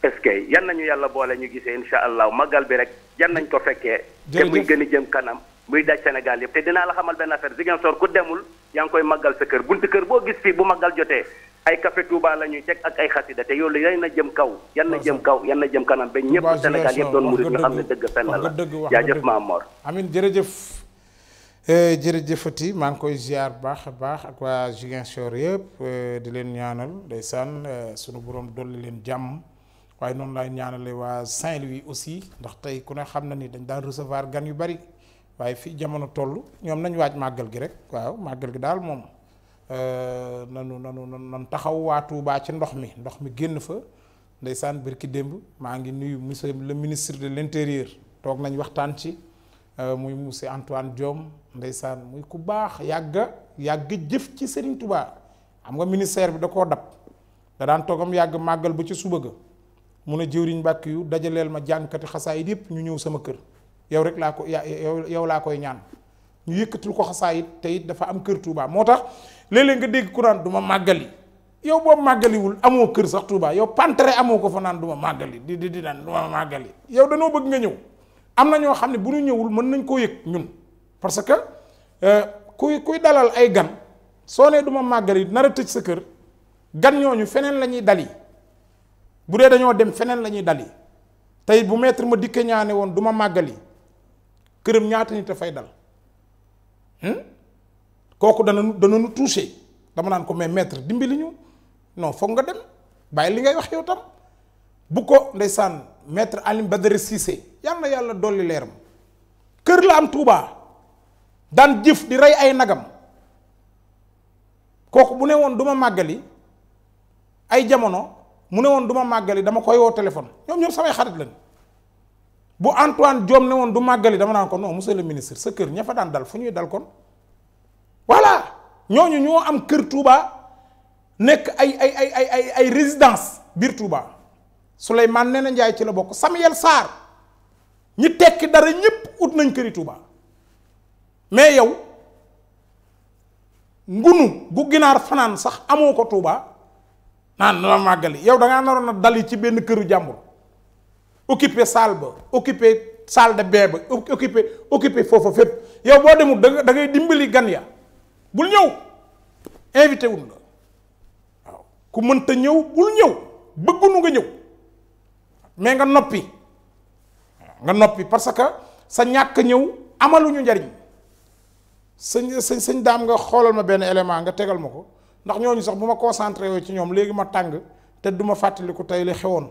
Speaker 8: est-ce que yan nañu yàlla boole ñu gisee incha allah magal bi rek yan nañ ko fekkee. te muy gën a jëm kanam. buy daj Sénégal yëpp te dinaa la xamal benn affaire Ziguinchor ku demul yaa ngi koy màggal sa kër buntu kër boo gis fii bu màggal jotee ay café Touba la ñuy teg ak ay xasida te yooyu yan na jëm kaw yan na jëm kaw yan na jëm kanam ba ñëpp Sénégal yëpp doon murid ñu xam ne dëgg fenn la jaajëf Maam Mor amin jërëjëf
Speaker 7: eh,
Speaker 2: jërëjëfati maa ngi koy ziar baax a baax ak waa Ziguinchor yëpp eh, di leen ñaanal day ndeysaan eh, sunu borom dolli leen jàmm waaye noonu laay ñaanale waa Saint-Louis aussi ndax tey ku ne xam na ni dañ daan recevoir gan yu bari waaye fii jamono toll ñoom nañu waaj màggal gi rek waaw màggal gi daal moom euh, nanu nanu nan taxaw waa Touba ci ndox mi ndox mi génn fa ndeysaan bërki démb maa ngi nuyu monsieur le ministre de l'intérieur toog nañ waxtaan ci euh, muy monsieur Antoine Diome ndeysaan muy ku baax yàgga yàgga jëf ci Serigne Touba xam nga ministère bi da koo dab da daan toogam yàgg màggal bu ci suba ga mun a jëwriñ mbàkk yu dajaleel ma jànkati xasaayit yëpp ñu ñëw sama kër yow rek laa ko yow yow laa koy ñaan ñu yëkkatul ko xasaayit te it dafa am kër Touba moo tax léeg-léeg nga dégg ku naan du ma màggali yow boobu màggaliwul amoo kër sax Touba yow pantere amoo ko fa naan du ma màggali di di di naan màggali yow danoo bëgg nga ñëw am na ñoo xam ne bu ñu ñëwul mën nañ koo yëg ñun parce que euh, kuy kuy dalal ay gan soo nee du ma màggali nar a tëj sa kër gan ñooñu feneen la ñuy dali bu dee dañoo dem feneen la ñuy dali tey bu maître ma dikke ñaane woon du ma màggali këram ñaata nit a fay dal hmm? kooku dana dana nu dama naan ko mais maître dimbali ñu non foog nga dem bàyyi li ngay wax yow tam bu ko ndeysaan maître Alioune Badara Cissé yal na yàlla dolli leeram kër la am Touba daan jëf di rey ay nagam kooku bu ne woon duma màggali ay jamono mu ne woon du ma màggali dama koy woo téléphone ñoom ñoom samay xarit lañ bu Antoine Diome ne woon du màggali dama naan ko non monsieur le ministre sa kër ña fa daan dal fu ñuy dal kon voilà ñooñu ñoo am kër Touba nekk ay ay ay ay ay ay résidence biir Touba Souleymane nee na Ndiaye ci la bokk Samuel saar ñi tekki dara ñëpp ut nañ këri Touba mais yow ngunu gu ginaar fanaan sax amoo ko Touba naan la màggali yow da ngaa naroon a dali ci benn këru jàmbur. occuper salle ba occuper salle de bain ba occuper occuper foofa fépp yow boo demul da dangay dimbali gan ya bul ñëw invité wul la waaw ku mënta ñëw bul ñëw bëggunu nga ñëw mais nga noppi nga noppi parce que sa ñàkk ñëw amaluñu njariñ sëñ sëñ sëñ daam nga xoolal ma benn élément nga tegal ma ko ndax ñooñu sax bu ma concentré yooyu ci ñoom léegi ma tàng te duma fàttaliku tey li xewoon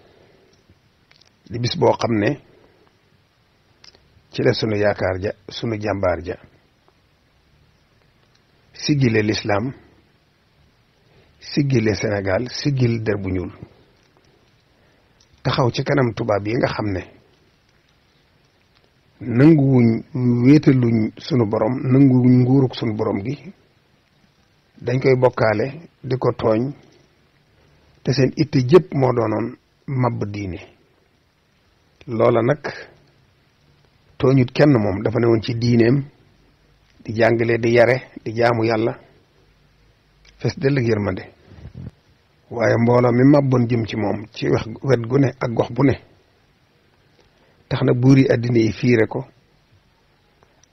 Speaker 9: di bis boo xam ne ci la sunu yaakaar ja sunu jàmbaar ja sigile l'islam sigile sénégal sigil der bu ñuul taxaw ci kanam tubaab yi nga xam ne nanguwuñ wéetaluñ sunu borom nanguwuñ nguuruk sunu borom gi dañ koy bokkaale di ko tooñ te seen jëpp moo doonoon mabb diine loola nag tooñut kenn moom dafa ne woon ci diineem di jàngale di yare di jaamu yàlla fes dell ak yërmande waaye mbooloo mi màbboon jëm ci moom ci wet gu ne ak gox bu ne tax na buur yi àddina yi fiire ko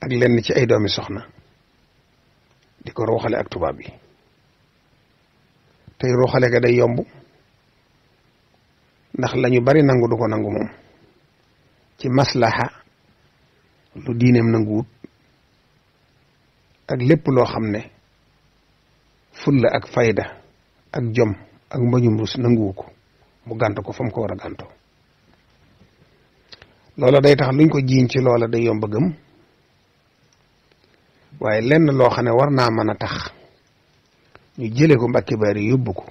Speaker 9: ak lenn ci ay doomi soxna di ko ruuxale ak tubaab yi tey ruuxale ga day yomb ndax lañu bari nangu du ko nangu moom ci maslaha lu diineem nanguwut ak lépp loo xam ne fulla ak fayda ak jom ak mbañum rus nanguwu ko mu gànt ko fa mu ko war a gàntoo loola day tax luñ ko jiiñ ci loola day yomb gëm waaye lenn loo xam ne war naa man a tax ñu jële ko Mbàkke Bari yóbbu ko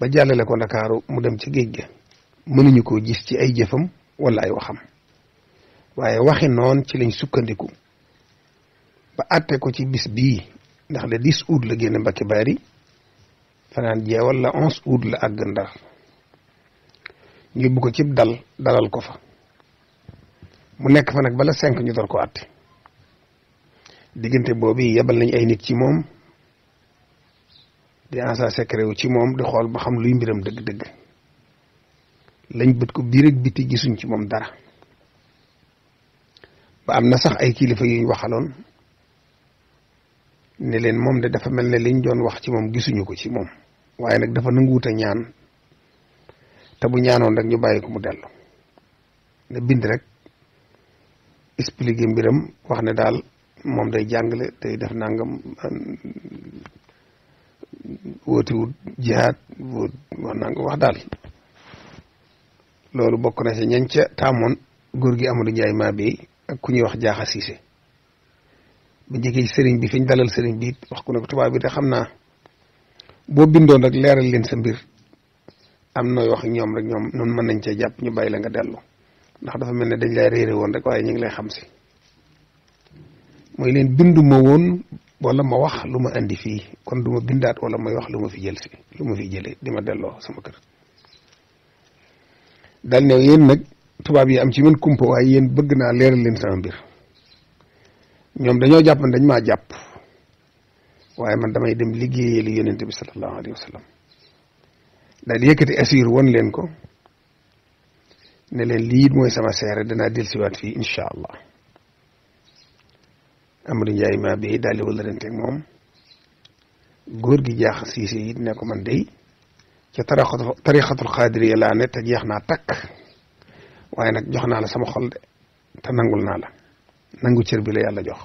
Speaker 9: ba jàllale ko Ndakaaru mu dem ci géej ga mënuñu koo gis ci ay jëfam wala ay waxam waaye waxi noon ci lañ sukkandiku ba àtte ko ci bis bii ndax le 10 août la génn Mbacke Bari fanaan jeewal la 11 août la àgg Ndar ñu bu ko cib dal dalal ko fa mu nekk fa nag bala cinq ñu door ko àtte diggante boobu yebal nañ ay nit ci moom di ansa secret wu ci moom di xool ba xam luy mbiram dëgg-dëgg lañ bët ko biir ak biti gisuñ ci moom dara ba am na sax ay kilifa yuñ waxaloon ne leen moom de dafa mel ne liñ doon wax ci moom gisuñu ko ci moom waaye nag dafa nanguwut a ñaan te bu ñaanoon rek ñu bàyyi ko mu dellu ne bind rek expliqué mbiram wax ne daal moom day jàngale day def nangam wootiwut jihaat woo wax nangam wax daal loolu bokk na ci ñañ ca taamoon góor gi am Amadou Ndiaye maa bi ak ku ñuy wax jaaxa siise ba njëkkee sëriñ bi fi ñu dalal sëriñ bi wax ku ne ko tubaab bi te xam naa boo bindoon rek leeral leen sa mbir am nooy wax ñoom rek ñoom noonu mën nañ cee jàpp ñu bàyyi la nga dellu ndax dafa mel ne dañ lay réere woon rek waaye ñu ngi lay xam si mooy leen bindu ma woon wala ma wax lu ma indi fii kon du ma bindaat wala may wax lu ma fi jël si lu ma fi jëlee di ma delloo sama kër daal ne yéen nag tubaab yi am ci man kumpa waaye yéen bëgg naa leeral leen sama mbir ñoom dañoo jàpp ne dañ maa jàpp waaye man damay dem liggéeyal yonent bi sallallahu alayhi wa sallam daal di yëkkati assur won leen ko ne leen lii mooy sama seere danaa dellusiwaat fii incha allah Amadou Ndiaye maa bi daal di wëllalanteeg moom góor gi jaax siise it ne ko man dey ci tarixatu tarixatul xaadiriya laa ne te jeex naa takk waaye nag jox naa la sama xol de te nangul naa la nangu cër bi la yàlla jox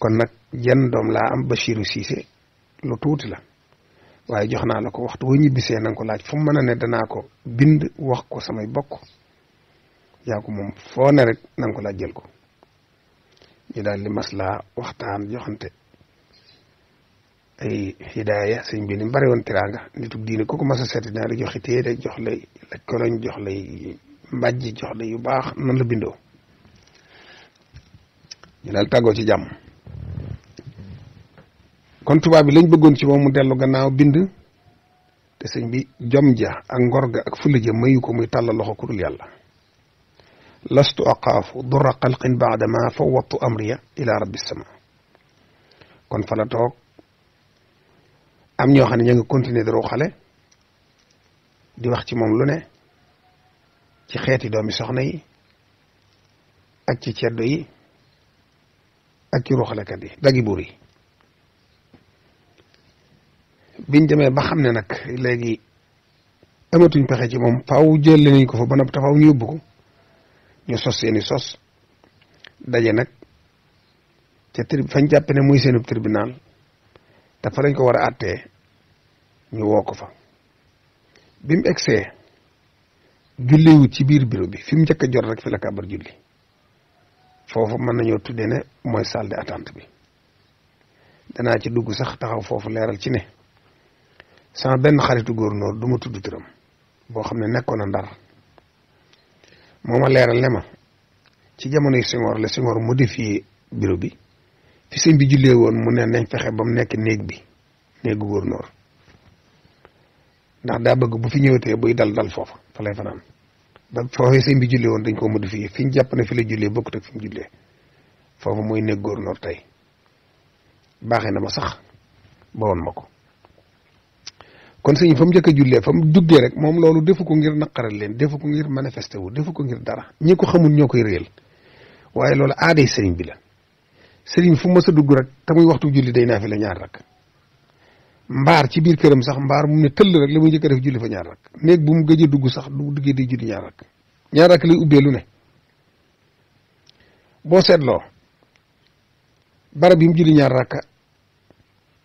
Speaker 9: kon nag jenn doom laa am Bachirou Cissé lu tuuti la waaye jox naa la ko waxtu woo ñibbisee na nga ko laaj fu mu mën a ne danaa ko bind wax ko samay bokk yaa ko moom foo rek na ko laaj jël ko ñu daal di maslaa waxtaan joxante ay hidaya sëñ bi ni bari woon tiraanga nituk diine koku massa mas a la joxi téere jox la ko lañ jox lay mbàjj jox lay yu baax nan la bindo ñu dal tàggoo ci jam kon tuba bi lañ bëggoon ci mu delu gannaaw bind te sëñ bi jom ja ak ngor ak fulu ja mayu ko muy talal loxo kudul yalla lastu aqafu durra qalqin baada ma fawattu amriya ila rabbi sama kon fa la am ñoo xam ne ñoo ngi continuer di ruuxale di wax ci moom lu ne ci xeeti doomi soxna yi ak ci ceddo yi ak ci ruuxalekat yi dagi buur yi biñ demee ba xam ne nag léegi amatuñ pexe ci moom faaw jëlee nañ ko fa ba noppi te faaw ñu yóbbu ko ñu sos seeni sos daje nag ca tri fañ jàpp ne muy seenu tribunal dafa lañ ko war a àttee ñu woo ko fa bi mu egsee julliwut ci biir bureau bi fi mu njëkk a jot rek fi la kàbbar julli foofu mën nañoo tuddee ne mooy salle d'attente bi danaa ci dugg sax taxaw foofu leeral ci ne sama benn xaritu góornóor du ma tudd turam boo xam ne nekkoon na ndar moo ma leeral ne ma ci jamonoy Senghor la Senghor modifié bureau bi fi bi jullee woon mu ne nañ fexe ba mu nekk néeg bi néegu gouverneur ndax daa bëgg bu fi ñëwatee buy dal dal foofa fa lay fanaan ba foofu sëñ bi jullee woon dañ koo modifié fi ñu jàpp ne fi la jullee bokkut ak fi mu jullee foofu mooy néeg gouverneur tey baaxe na ma sax ba woon ma ko kon sëñ fa mu njëkk a jullee fa mu duggee rek moom loolu defu ko ngir naqaral leen defu ko ngir manifester wu defu ko ngir dara ñi ko xamul ñoo koy réel waaye loolu aaday sëriñ bi la sëriñ fu mës a dugg rek te muy waxtu julli day naafila ñaar rak mbaar ci biir këram sax mbaar mu ne tëll rek la muy jëkk a def julli fa ñaar rak mu gëj a dugg sax du duggee day julli ñaar rak ñaar rak lay ubbee ne boo seetloo barab yi mu julli ñaar rakk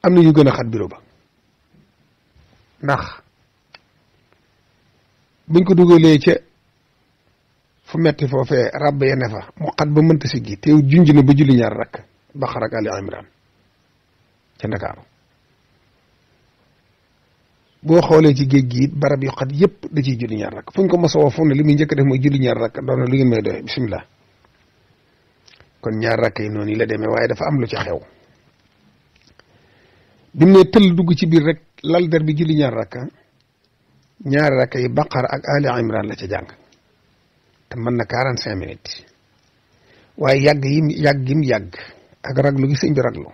Speaker 9: am na yu gën a xat biro ba ndax buñ ko dugalee ca fu metti foofee ràbb ya fa mu xat ba mënta si gi teew junj na ba julli ñaar rakk Baqara ak Ali Imran ca Ndakaaru boo xoolee ci géej gi barab yu xat yëpp da ciy julli ñaar rakk fu ñu ko mos a li muy njëkk def mooy julli ñaar rakk doon na lu ngeen may doy kon ñaar rakk yi noon yi la demee waaye dafa am lu ci xew bi mu dugg ci biir rek lal der bi julli ñaar rakk ñaari rakk yi Baqara ak Ali Imran la ci jàng te mën na quarante cinq minutes waaye yàgg yim yàgg yim yàgg. ak raglu gi sëñ bi raglu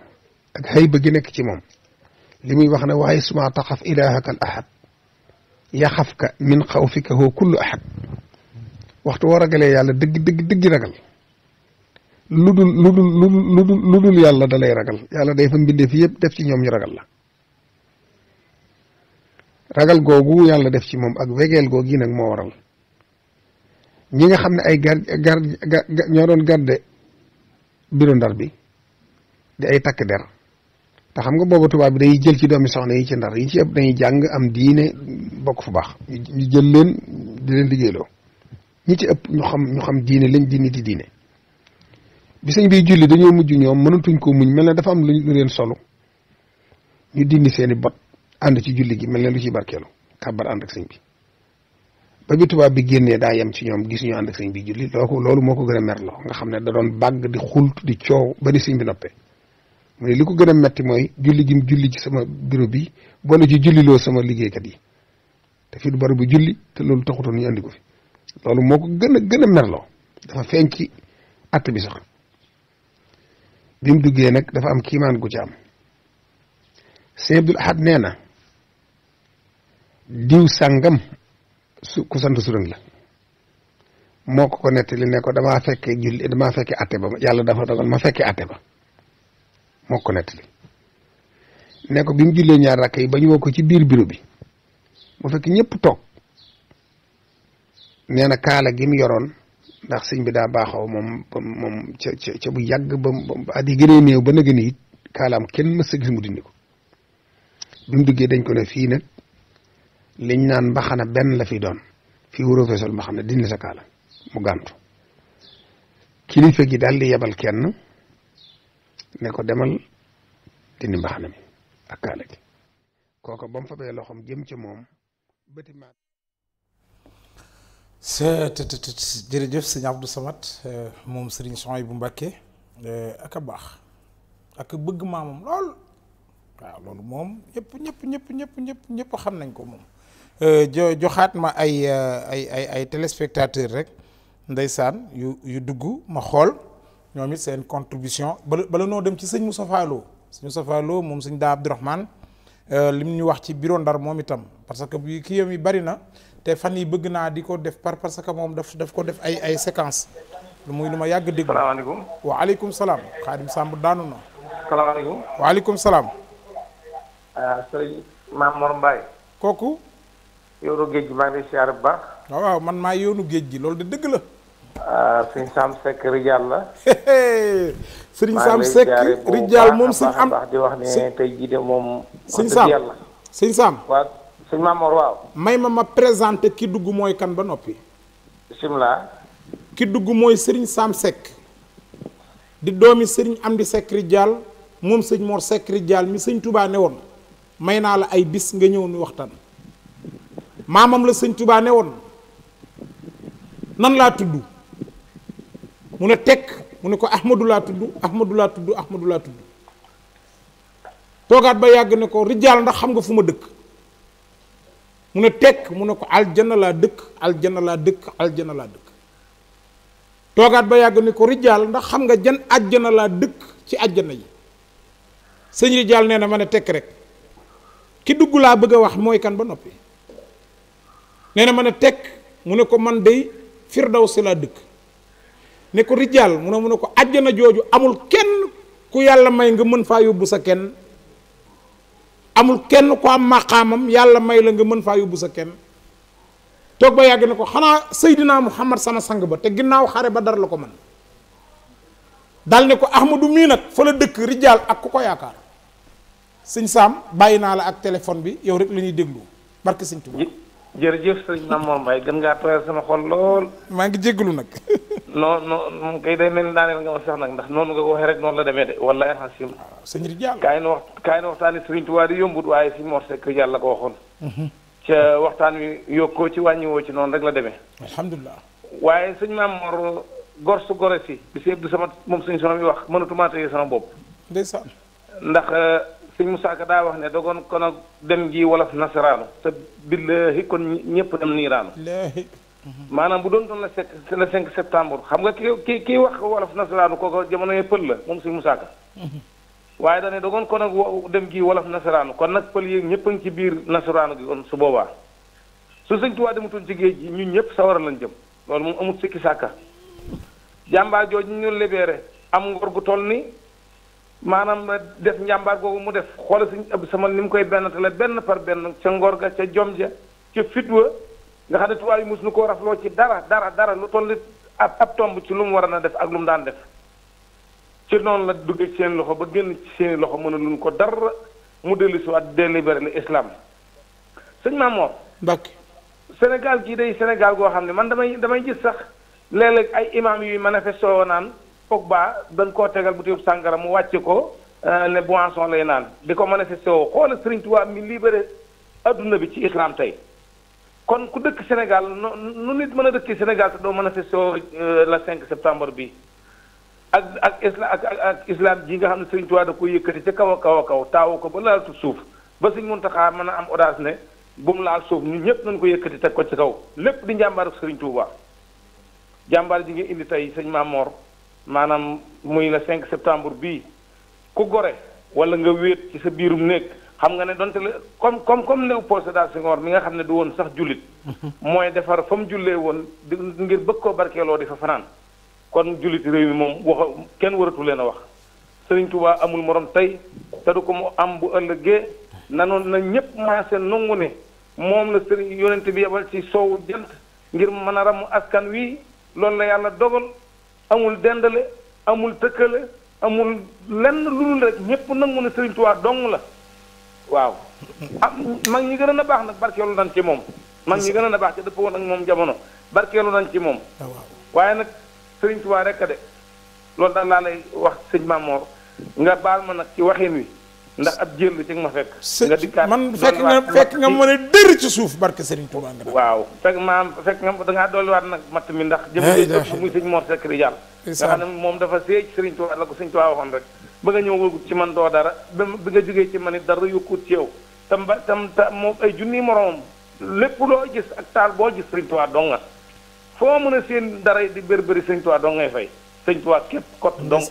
Speaker 9: ak xëyba gi nekk ci moom li muy wax ne waaye suma taxaf ilaahaka al ahad ka min xawfika hoo kullu ahad waxtu woo ragalee yàlla dëgg dëgg dëgg ragal lu yàlla da ragal yàlla day fa mbindee fi yëpp def ci ñoom ñu ragal la ragal googu yàlla def ci moom ak wegeel googu yi nag moo waral ñi nga xam ne ay gar gar ñoo doon garde biro ndar bi di ay takk der te xam nga boobu tubaab bi day jël ci doomi soxna yi ci ndar yi ci ëpp dañuy jàng am diine bokk fu baax ñu jël leen di leen liggéeyloo ñi ci ëpp ñu xam ñu xam diine lañ diine di diine bi sëñ bi julli dañoo mujj ñoom mënatuñ koo muñ mel na dafa am lu ñu leen solo ñu dindi seeni bot ànd ci julli gi mel na lu ci barkeelu kàbbar ànd ak sëñ bi ba bi tubaab bi génnee daa yem ci ñoom gis ñu ànd ak sëñ bi julli loo ko loolu moo ko gën a merloo nga xam ne da doon bàgg di xult di coow ba ni sëñ bi noppee mu ne li ko gën a metti mooy julli gi mu julli ci sama bureau bi boole ci julliloo sama kat yi te fii du bari bu julli te loolu taxutoon ñu andi ko fi loolu moo ko gën a gën a merloo dafa feeñ ci att bi sax bi mu duggee nag dafa am kiimaan gu ci am Sëñ Abdul Ahad nee na diw sàngam su ku sant suran la moo ko ko nettali ne ko damaa fekkee julli damaa fekkee atte ba yàlla dafa dogal ma fekkee atte ba moo ko nettali ne ko bi mu jullee ñaar rakk yi ba ñu woo ko ci biir bureau bi mu fekk ñépp toog nee na kaala gi mu yoroon ndax sëñ bi daa baaxaw moom moom ca ca bu yàgg ba at yi gënee néew ba nag it kaalaam kenn mës a gis mu dindi ko bi mu duggee dañ ko ne fii nag liñ naan mbaxana benn la fi doon fii wuroo fee sol mbaxana dindi sa kaala mu gàntu kilifa gi daal di yebal kenn. ne ko demal dindi mbaxana mi ak kaala gi kooko ba mu fabee loxoom jëm ci moom bëti maat seetetetet
Speaker 2: jërëjëf sëñ Abdou Samad eh, moom sëriñ Soy bu Mbàkke eh, ak a baax ak bëgg maamam lool waaw loolu moom ñëpp ñëpp ñëpp ñëpp ñëpp ñëpp xam nañ ko moom eh, jo joxaat ma ay ay ay ay téléspectateur rek ndeysaan yu yu dugg ma xool ñoom it seen contribution ba la noo dem ci sëñ Moussa Fallo sëñ Moussa Fallo moom sëñ daa Abdourahmane euh, lim ñu wax ci bureau ndar moom itam parce que bi kii yam yi bari na te fan yi bëgg naa di ko def par parce que moom daf daf ko def ay ay séquence lu muy lu ma yàgg dégg salaamaaleykum waaleykum salaam xaadim Samb daanu na salaamaaleykum waaleykum salaam
Speaker 5: euh, sëriñ Maam Mor Mbaye kooku yoonu géej gi maa ngi lay siyaar bu baax
Speaker 2: waaw waaw man maa yoonu géej gi loolu de dëgg
Speaker 5: la Ah, sëriñ Sam Seck Rijal la. sëriñ Sam Seck Rijal moom sëñ am di wax ne tey
Speaker 2: jii de moom. sëñ Sam sëñ Sam. waaw sëñ Mamour waaw. may ma ma présenté ki dugg mooy kan ba noppi.
Speaker 5: bisimilah.
Speaker 2: ki dugg mooy sëriñ Sam Seck. di doomi sëriñ am di Seck Rijal moom sëñ Mor Seck Rijal mi sëñ Touba ne woon may naa la ay bis nga ñëw nu waxtaan. maamam la sëñ Touba ne nan laa tudd. mu ne tekk mu ne ko ahmadu laa tudd ahmadu laa tudd ahmadu laa tudd toogaat ba yàgg ne ko rijaal ndax xam nga fu ma dëkk mu ne tekk mu ne ko aljana laa dëkk aljana laa dëkk aljana laa dëkk toogaat ba yàgg ne ko rijaal ndax xam nga jan àjjana laa dëkk ci àjjana yi sëñ rijaal nee na ma ne tekk rek ki dugg laa bëgg a wax mooy kan ba noppi nee na ma ne tekk mu ne ko man dey firdawsi laa dëkk ne ko rijaal mu ne mun ne ko àjjana jooju amul kenn ku yàlla may nga mën faa yóbbu sa kenn amul kenn ku am maqaamam yàlla may la nga mën faa yóbbu sa kenn toog ba yàgg ne ko xanaa Seydina Muhammad sama sang ba te ginnaaw xare ba dara la ko man dal ne ko Ahmadu mii nag fa la dëkk rijaal ak ku ko yaakaar sëñ Saam bàyyi naa la ak téléphone bi yow rek lañuy déglu
Speaker 5: barke sëñ Tuubaa jërëjëf sëñ Mamour Mbaye gën ngaa tooyal sama xol lool.
Speaker 2: maa ngi jégalu
Speaker 5: nag. non non moom kay day mel daaneel nga ma sax nag ndax noonu nga ko waxee rek noonu la demee de wallaahi alhamdulilah. waaw sëñ bi jàll. kaay na wax di yombut waaye si Mor Seck yàlla ko waxoon. Mhm. ca waxtaan wi yokkoo ci wàññiwoo ci noonu rek la demee. alhamdulilah. waaye sëñ Mamour gor su gore si. bi sëñ Abdou Samad moom sëñ sono mi wax mënatumaa téye sama bopp. ndeysaan. ndax. Euh, suñu musaaka daa wax ne dogoon kon ak dem gi wolof nasaraanu te billaahi kon ñëpp dem niiraanu maanaam bu doon doon la cinq le cinq septembre xam nga ki ki kii wax wolof nasaraanu kooku jamono yi pël la moom suñu musaaka mhm. waaye dañ ne dogoon kon ak dem gi wolof nasaraanu kon nag pël yi ñëpp a ci biir nasaraanu gi kon su boobaa su sëñ Tuubaa demutoon ci géej gi ñun ñëpp sawara lañ jëm loolu moom amut sikki sàkka jàmbaar jooju ñu libéré am ngor gu maanaam def njàmbaar googu mu def xoola suñ ëpp sama ni mu koy benn tale benn par benn ca ngor ga ca jom ja ca fit wa nga xam ne tubaab yi mos nu koo rafloo ci dara dara dara lu toll ab ab tomb ci lu mu war a na def ak lu mu daan def ci noonu la duggee seen loxo ba génn ci seen loxo mën a luñ ko dara mu dellu si waat délibéré le islam sëñ Maam Mor Mbàkke Sénégal gii de Sénégal goo xam ne man damay damay gis sax léeg-léeg ay imaam yuy manifesté naan Pogba dañ koo tegal bu téyub sàngara mu wàcce ko ne boisson lay naan di ko mën manifesté woo xoolal sëriñ tuwaa mi libéré adduna bi ci islam tey kon ku dëkk Sénégal nu nit mën a dëkk Sénégal te doo mën manifesté woo la 5 septembre bi ak ak islam ak ak islam ji nga xam ne sëriñ tuwaa da koy yëkkati ca kaw a kaw a kaw taawu ko ba laal suuf ba Serigne Mountakha mën a am audace ne bu mu laal suuf ñun ñëpp nañ ko yëkkati teg ko ci kaw lépp di njàmbaar sëriñ Serigne jàmbaar ji nga indi tey sëñ Mamor. maanaam muy le cinq septembre bii ku gore wala nga wéet ci sa biirum néeg xam nga ne donte la comme comme comme Léopold Sédar Senghor mi nga xam ne du woon sax jullit mooy defar fa mu jullee woon di ngir bëgg koo barkeeloo di fa fanaan kon jullit réew mi moom wax kenn waratu leen a wax Sëriñ Tuubaa amul morom tey te du ko mu am bu ëllëgee noon na ñépp maase nangu ne moom la sëriñ yonent bi yebal ci soow jant ngir mën a ramu askan wi loolu la yàlla dogal amul dendale amul tëkkale amul lenn lu dul rek ñëpp nangu na Sëriñ Tuubaa dong la waaw ah mag ñi gën a baax nag barkeelu nañ ci moom mag ñi gën a baax ci dëpp woon ak moom jamono barkeelu nañ ci moom ah, waaye nag Sëriñ Tuubaa rek a de loolu daal laa lay wax sëñ Mamoor nga baal ma nag ci waxin wi ndax ab jël ci ma fekk nga dikkaat man fekk nga fekk nga mën a
Speaker 2: dër ci suuf barke Serigne Touba nga
Speaker 5: waaw fekk ma fekk nga da ngaa dolli waat nag matt mi ndax jëm muy sëñ Mor Seck Rijal nga xam ne moom dafa seey Serigne Touba la ko Serigne Touba waxoon rek ba nga ñëw wëgut ci man doo dara bi nga jógee ci man it dara yokkut ci yow tam tam ta ay junni moromam lépp loo gis ak taal boo gis Serigne Touba dong nga foo mën a seen dara di bër Serigne Touba dong ngay fay Serigne Touba képp kot dong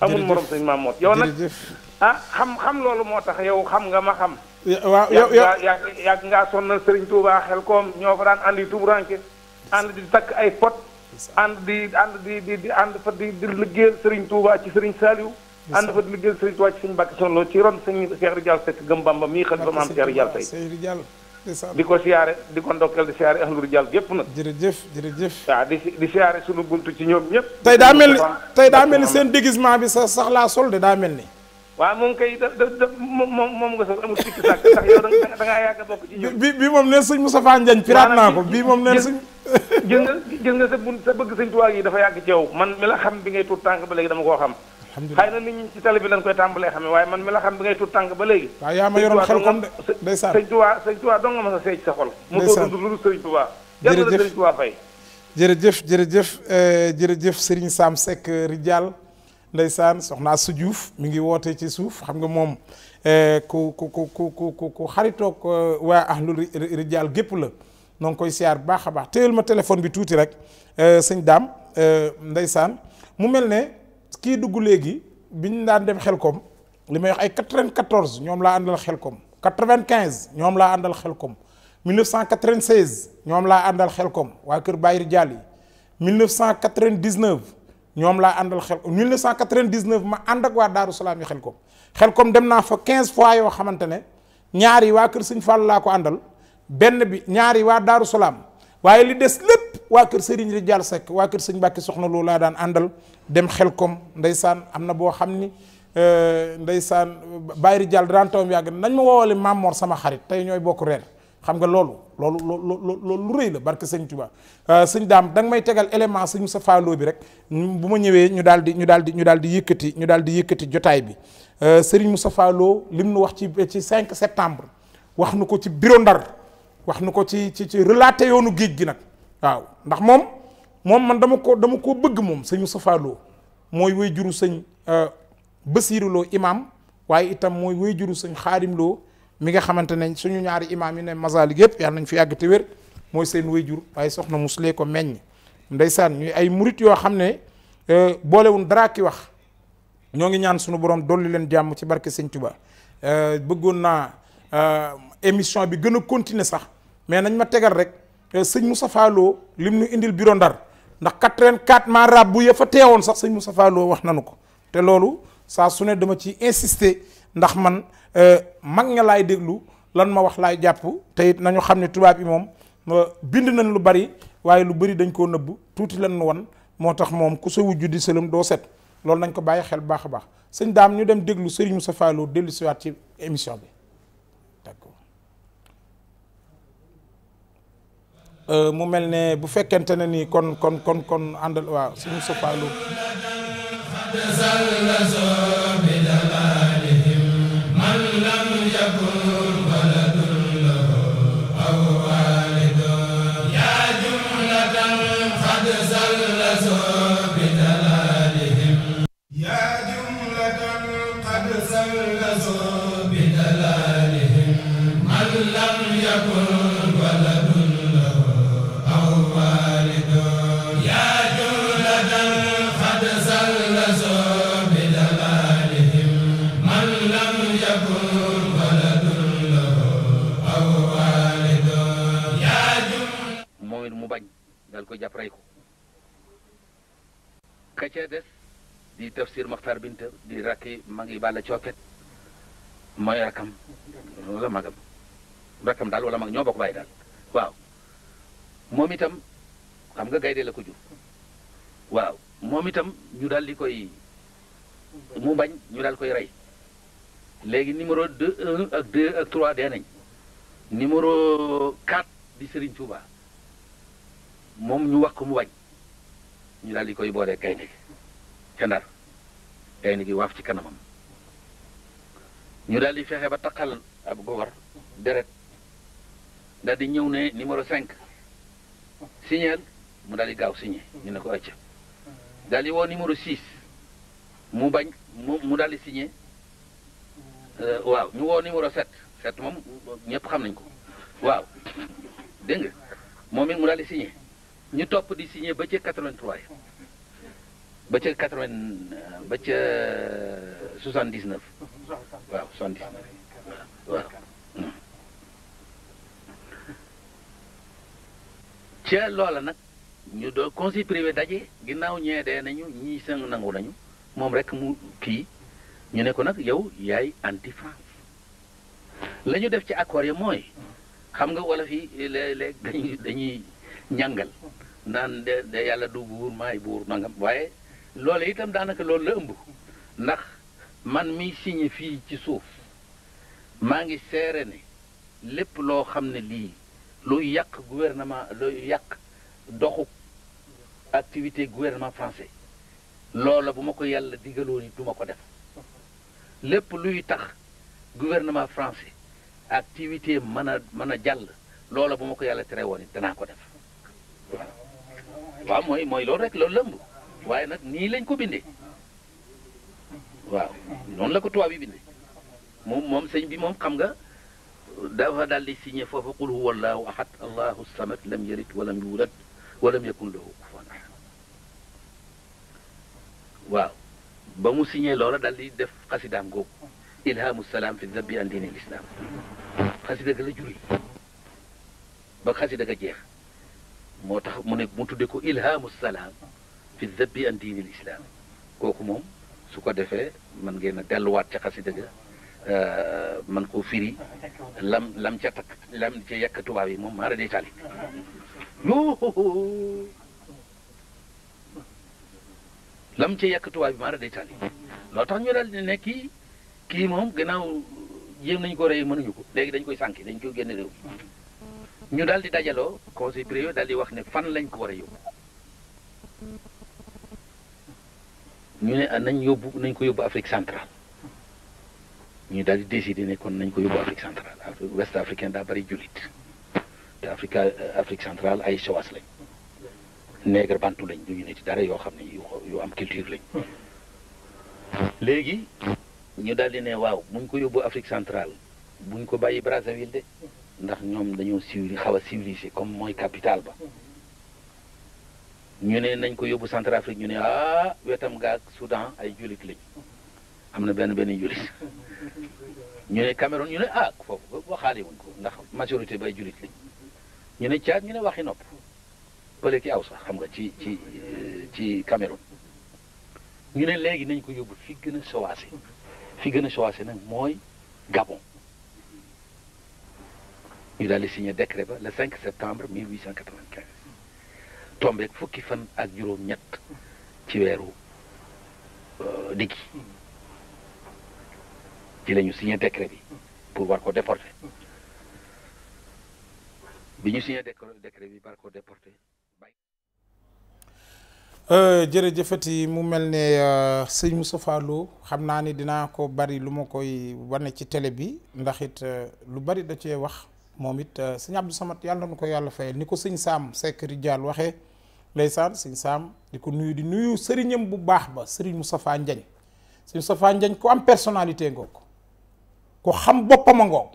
Speaker 5: amul morom Serigne Mamour yow nag ah xam-xam loolu moo tax yow xam nga ma xam. waaw yow yow yàgg yàgg ngaa sonnal Serigne Touba xel koom ñoo fa daan andi tumuranke ànd di takk ay pot. ànd di ànd di di di ànd fa di di liggéeyal Serigne Touba ci Serigne Saliou. ànd fa di liggéeyal Serigne Touba ci Serigne Mbacke Sonlo ci ron sëñ Cheikh Rijal Seck gëm Bamba mii xel ba maam Cheikh Rijal tey. di ko siyaare di ko ndokkeel di siyaare ahlu rijal gépp nag jërëjëf jërëjëf waaw di di siyaare sunu buntu ci ñoom ñëpp tey daa mel ni tey daa mel ni seen
Speaker 2: déguisement bi sa sax laa sol de daa mel ni
Speaker 5: waaw moom kay da da moom moom nga sax amul sikki sàkk ndax yow
Speaker 2: da nga yàgg bokk ci bi bi moom nee sëñ Moustapha Ndiagne piraat naa ko bi moom nee sëñ.
Speaker 5: gis nga gis nga sa bun sa bëgg sëñ Tuubaa yi dafa yàgg ci yow man mi la xam bi ngay tuut tànk ba léegi dama koo xam. xëy na nit ñi ci bi lañ koy tàmbalee waaye man mi la xam bi ngay tànk ba léegi. yaa ma yoroon xel comme de ndeysaan sëñ sëñ dong nga ma sa seey sa xol. mu doon dund lu sëñ Tuubaa. jërëjëf
Speaker 2: jërëjëf jërëjëf eh, jërëjëf Serigne Sam Seck Ridial ndeysaan soxna su Diouf mi ngi wootee ci suuf xam nga moom eh, ku ku ku ku ku ko eh, waa ahlul rijaal gépp la noo ngi koy siyaar baax a baax téyel ma téléphone bi tuuti rek eh, sëñ daam ndeysaan mu mel ne kii dugg léegi bi ñu daan dem xelkom li may wax ay 94 ñoom laa àndal xelkom 95 ñoom laa àndal xelkom 1996 ñoom laa àndal xel koom waa Kër Baye Rijaal yi ñoom laa àndal xel 1999 ma ànd ak waa Daaru Salaam yi xel kom xel kom dem naa fa 15 fois yoo xamante ne ñaar yi waa Kër Sëñ Fall laa ko àndal benn bi ñaar yi waa Daaru Salaam waaye li des lépp waa Kër Serigne di Dial Seck waa Kër Sëñ Mbàkke Soxna Lo laa daan àndal dem xel kom ndeysaan am na boo xam ni. ndeysaan bàyyi di jàll daan tawam yàgg nañ ma woowale Mamor sama xarit tey ñooy bokk reer xam nga loolu loolu loolu loolu lu rëy la barke sëñ Tuba euh, sëñ daam da may tegal élément sëñ sa faaloo bi rek bu ma ñëwee ñu daal di ñu daal di ñu daal di yëkkati ñu daal di yëkkati jotaay bi euh, Serigne Moustapha Lo lim nu wax ci ci 5 septembre wax nu ko ci bureau Ndar wax nu ko ci ci ci relaté yoonu géej gi nag waaw ndax moom moom man dama ko dama ko bëgg moom sëñ Moustapha Lo mooy way juru sëñ euh, Basiru Lo imam waaye itam mooy way juru sëñ Xaarim Lo mi nga xamante ne suñu ñaari imaam yi ne masaalik yëpp yàlla nañ fi yàgg te wér mooy seen wayjur waaye soxna muslee ko meññ ndeysaan ñuy ay murit yoo xam ne euh, boolewun dara ki wax ñoo ngi ñaan suñu borom dolli leen jàmm ci barke Sëñ Tuba euh, bëggoon naa euh, émission bi gën a continuer sax mais nañ ma tegal rek sëñ mu Moustapha Lo lim nu indil bureau Ndar ndax 84 maa rab bu ya fa teewoon sax sëñ Moustapha Lo wax nanu ko te loolu saa su ne dama ci insister ndax man Eh, mag ña laay déglu lan ma wax laay jàpp te it nañu xam ne tubaab yi moom bind nañ lu bari waaye lu bari dañ koo nëbb tuuti lan nu wan moo tax moom ku sa wujju di sëlëm doo set loolu nañ ko bàyyi xel baax a baax sëñ daam ñu dem déglu Serigne Moussa Fallou dellu siwaat ci émission bi euh, mu mel ne bu fekkente ne ni kon kon kon kon àndal waaw Serigne Moussa Fallou
Speaker 10: ko jàpp rey ka ca di tafsir Maxtaar Binta di rakki ma ngi bàlla cooket mooy rakkam wala magam rakkam daal wala mag ñoo bokk bàyyi daal waaw moom itam xam nga gaynde la ko jur waaw moom itam ñu daal di koy mu bañ ñu dal koy rey léegi numéro deux un ak deux ak trois dee nañ numéro quatre di Serigne Touba moom ñu wax ko mu wañ ñu daal di koy boolee gaynde gi ca ndar gaynde gi waaf ci kanamam ñu daldi fexe ba taqal ab gowar deret daldi ñëw ne numéro 5 signal mu daal di gaaw signé ñu ne ko acca daal di woo numéro 6 mu bañ mu mu daal di signé euh, waaw ñu woo numéro 7 7 moom ñëpp xam nañ ko waaw dégg moom it mu daal di ñu topp di signé ba ca 83 ba ca 80 euh, ba ca 79 waaw 79 waaw ca loola nag ñu doon conseil privé daje ginnaaw ñee dee nañu ñii sëng nangu nañu moom rek mu kii ñu ne ko nag yow yaay anti France la def ci accord yi mooy xam nga wala fii léeg-léeg dañuy dañuy. nyangal nan de de yalla du bur may bur nangam waye lolé itam danaka lolé la ëmb ndax man mi signé fi ci souf ma ngi séré né lepp lo xamné li lo yak gouvernement lo yak doxu activité gouvernement français lolé buma ko yalla digaloon ni ma ko def lepp luy tax gouvernement français activité mana mana jall lolé buma ko yalla téré woni dana ko def waaw mooy mooy loolu rek lool lëmb waaye nag nii lañ ko bindee waaw noonu la ko tubaab bindee moom moom sëñ bi moom xam nga dafa daal di signé foofu qul huwa allahu ahad allahu samad lam yarit walam yuulad walam yakun lahu waaw ba mu signé loola daal di def xasidaam googu ilhamu salaam fi zabbi an diini islam xasida ga la juri ba xasida ga jeex moo tax mu ne mu tuddee ko ilhamu salaam fi zabbi an diinil islaam kooku moom su ko defee man ngeen a delluwaat ca xasida ga euh, man koo firi lam lam ca takk yàkk tubaab yi moom maara day tali
Speaker 1: yoo
Speaker 10: lam ca yàkk tubaab loo tax ñu daal di ne kii kii moom gannaaw jéem nañ ko rey mënuñu ko léegi dañ koy sànki dañ koy génne réew ñu daal di dajaloo conseil privé daal di wax ne fan lañ ko war a yóbbu ñu ne ah, nañ yóbbu nañ ko yóbbu Afrique centrale ñu daal di décider ne kon nañ ko yóbbu Afrique centrale ouest africain daa bari jullit te Afrique euh, Afrique centrale ay sowaas lañ nègre bantu lañ duñu ne ci dara yoo xam ne yu am culture lañ léegi ñu daal di ne waaw muñ ko yóbbu Afrique centrale buñ ko bàyyi Brazzaville de ndax ñoom dañoo civili xaw a civilisé comme mooy capital ba ñu ne nañ ko yóbbu Centrafrique ñu ne ah wetam gaag Soudan ay jullit lañ am na benn benn jullit ñu ne Cameroun ñu ne ah foofu waxaale wuñ ko ndax majorité bay jullit lañ ñu ne Tchad ñu ne waxi nopp bële ci aw sax xam nga ci ci ci Cameroun ñu ne léegi nañ ko yóbbu fi gën a sowaase fi gën a sowaase nag mooy Gabon ñu daal di signé décret ba le 5 septembre 1895 tombeeg fukki fan ak juróom-ñett ci weeru euh, diggi ci la ñu signé décret bi pour war ko déporter bi ñu signé décret bi war ko déporter.
Speaker 2: Euh, jërëjëfati mu mel ne euh, sëñ Moustapha Lo xam naa ni ko bari lu ma koy wane ci télé bi ndax it lu bari da cee wax. momit it euh, sëñ Abdou Samad yàlla na ko yàlla fayal ni ko sëñ Saam Seck Rijaal waxee ndeysaan sëñ Saam di ko nuyu di nuyu sëriñam bu baax ba sëriñ Moustapha Ndiagne sëñ Moustapha Ndiagne am personnalité ngoog ko xam boppam a ngoog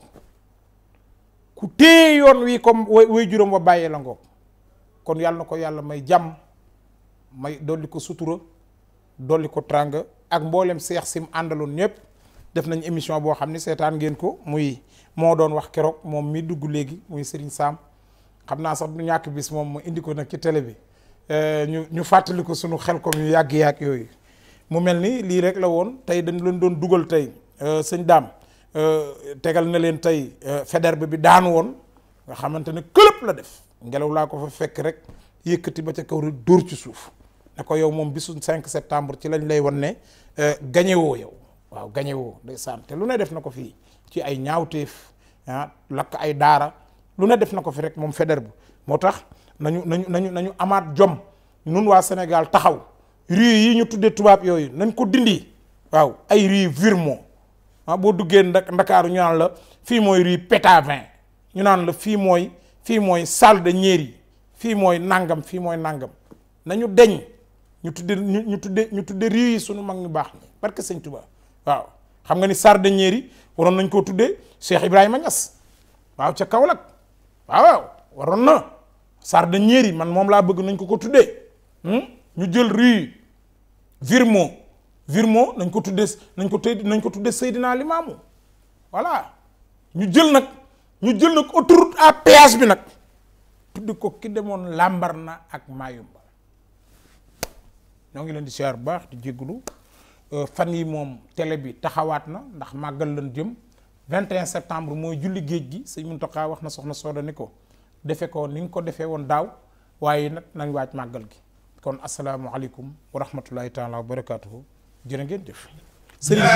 Speaker 2: ku téye yoon wi comme way juróom wa bàyyee la ngoog kon yàlla na ko may jam may dolli ko sutura dolli ko ak mboolem seex sim àndaloon nyep. def nañ émission boo xam ne seetaan ngeen ko muy moo doon wax keroog moom mi dugg léegi muy Serigne Sam xam naa sax du ñàkk bis moom mu indi ko nag ci télé bi euh, ñu ñu fàttali ko suñu xel ko ñu yàgg-yàgg yooyu mu mel ni lii rek la woon tey dañ leen doon dugal tey euh, sëñ daam euh, tegal na leen tey Faidherbe bi daanu woon nga xamante ne këlëb la def ngelaw laa ko fa fekk rek yëkkati ba ca kaw rek dóor ci suuf ne ko yow moom bisu cinq septembre ci lañ lay wan ne gañewoo yow waaw gañe woo ndeysaan te lu ne def na ko fii ci ay ñaawtee ah, lakk ay daara lu ne def na ko fi rek moom feder bu moo tax nañu nañu nañu nañu amaat jom nun waa Sénégal taxaw rue yi ñu tuddee tubaab yooyu nañ ko dindi waaw ay rue vir ah boo duggee ndak ndakaaru ñu naan la fii mooy rue Pétavin ñu naan la fii mooy fii mooy salle de fii mooy nangam fii mooy nangam nañu deñ ñu tudde ñu tudde ñu tudde rue yi sunu mag ñu baax ñi barke sëñ Tuubaa waaw xam nga ni sardiniers yi waroon nañ koo tuddee Cheikh Ibrahima Niass waaw ca Kaolack waaw waroon na sardiniers yi man moom laa bëgg nañ ko ko tuddee hmm? ñu jël rue Virmo Virmo nañ ko tuddee nañ ko tey nañ ko tuddee Seydina Limamou voilà ñu jël nag ñu jël nag autour à péage bi nag tudd ko ki demoon Lambarna ak Mayumba ñoo ngi leen di siyaar bu baax di jégalu. Euh, fan yi moom télé bi taxawaat na ndax màggal lan jëm 21 septembre mooy julli géej gi sëñ Muntaxa wax na soxna Sooda ni ko defe ko ni nga ko defee woon daaw waaye nag nañ waaj màggal gi kon asalaamualeykum wa rahmatullahi taala wa barakaatuhu jërë ngeen jëf sëriñ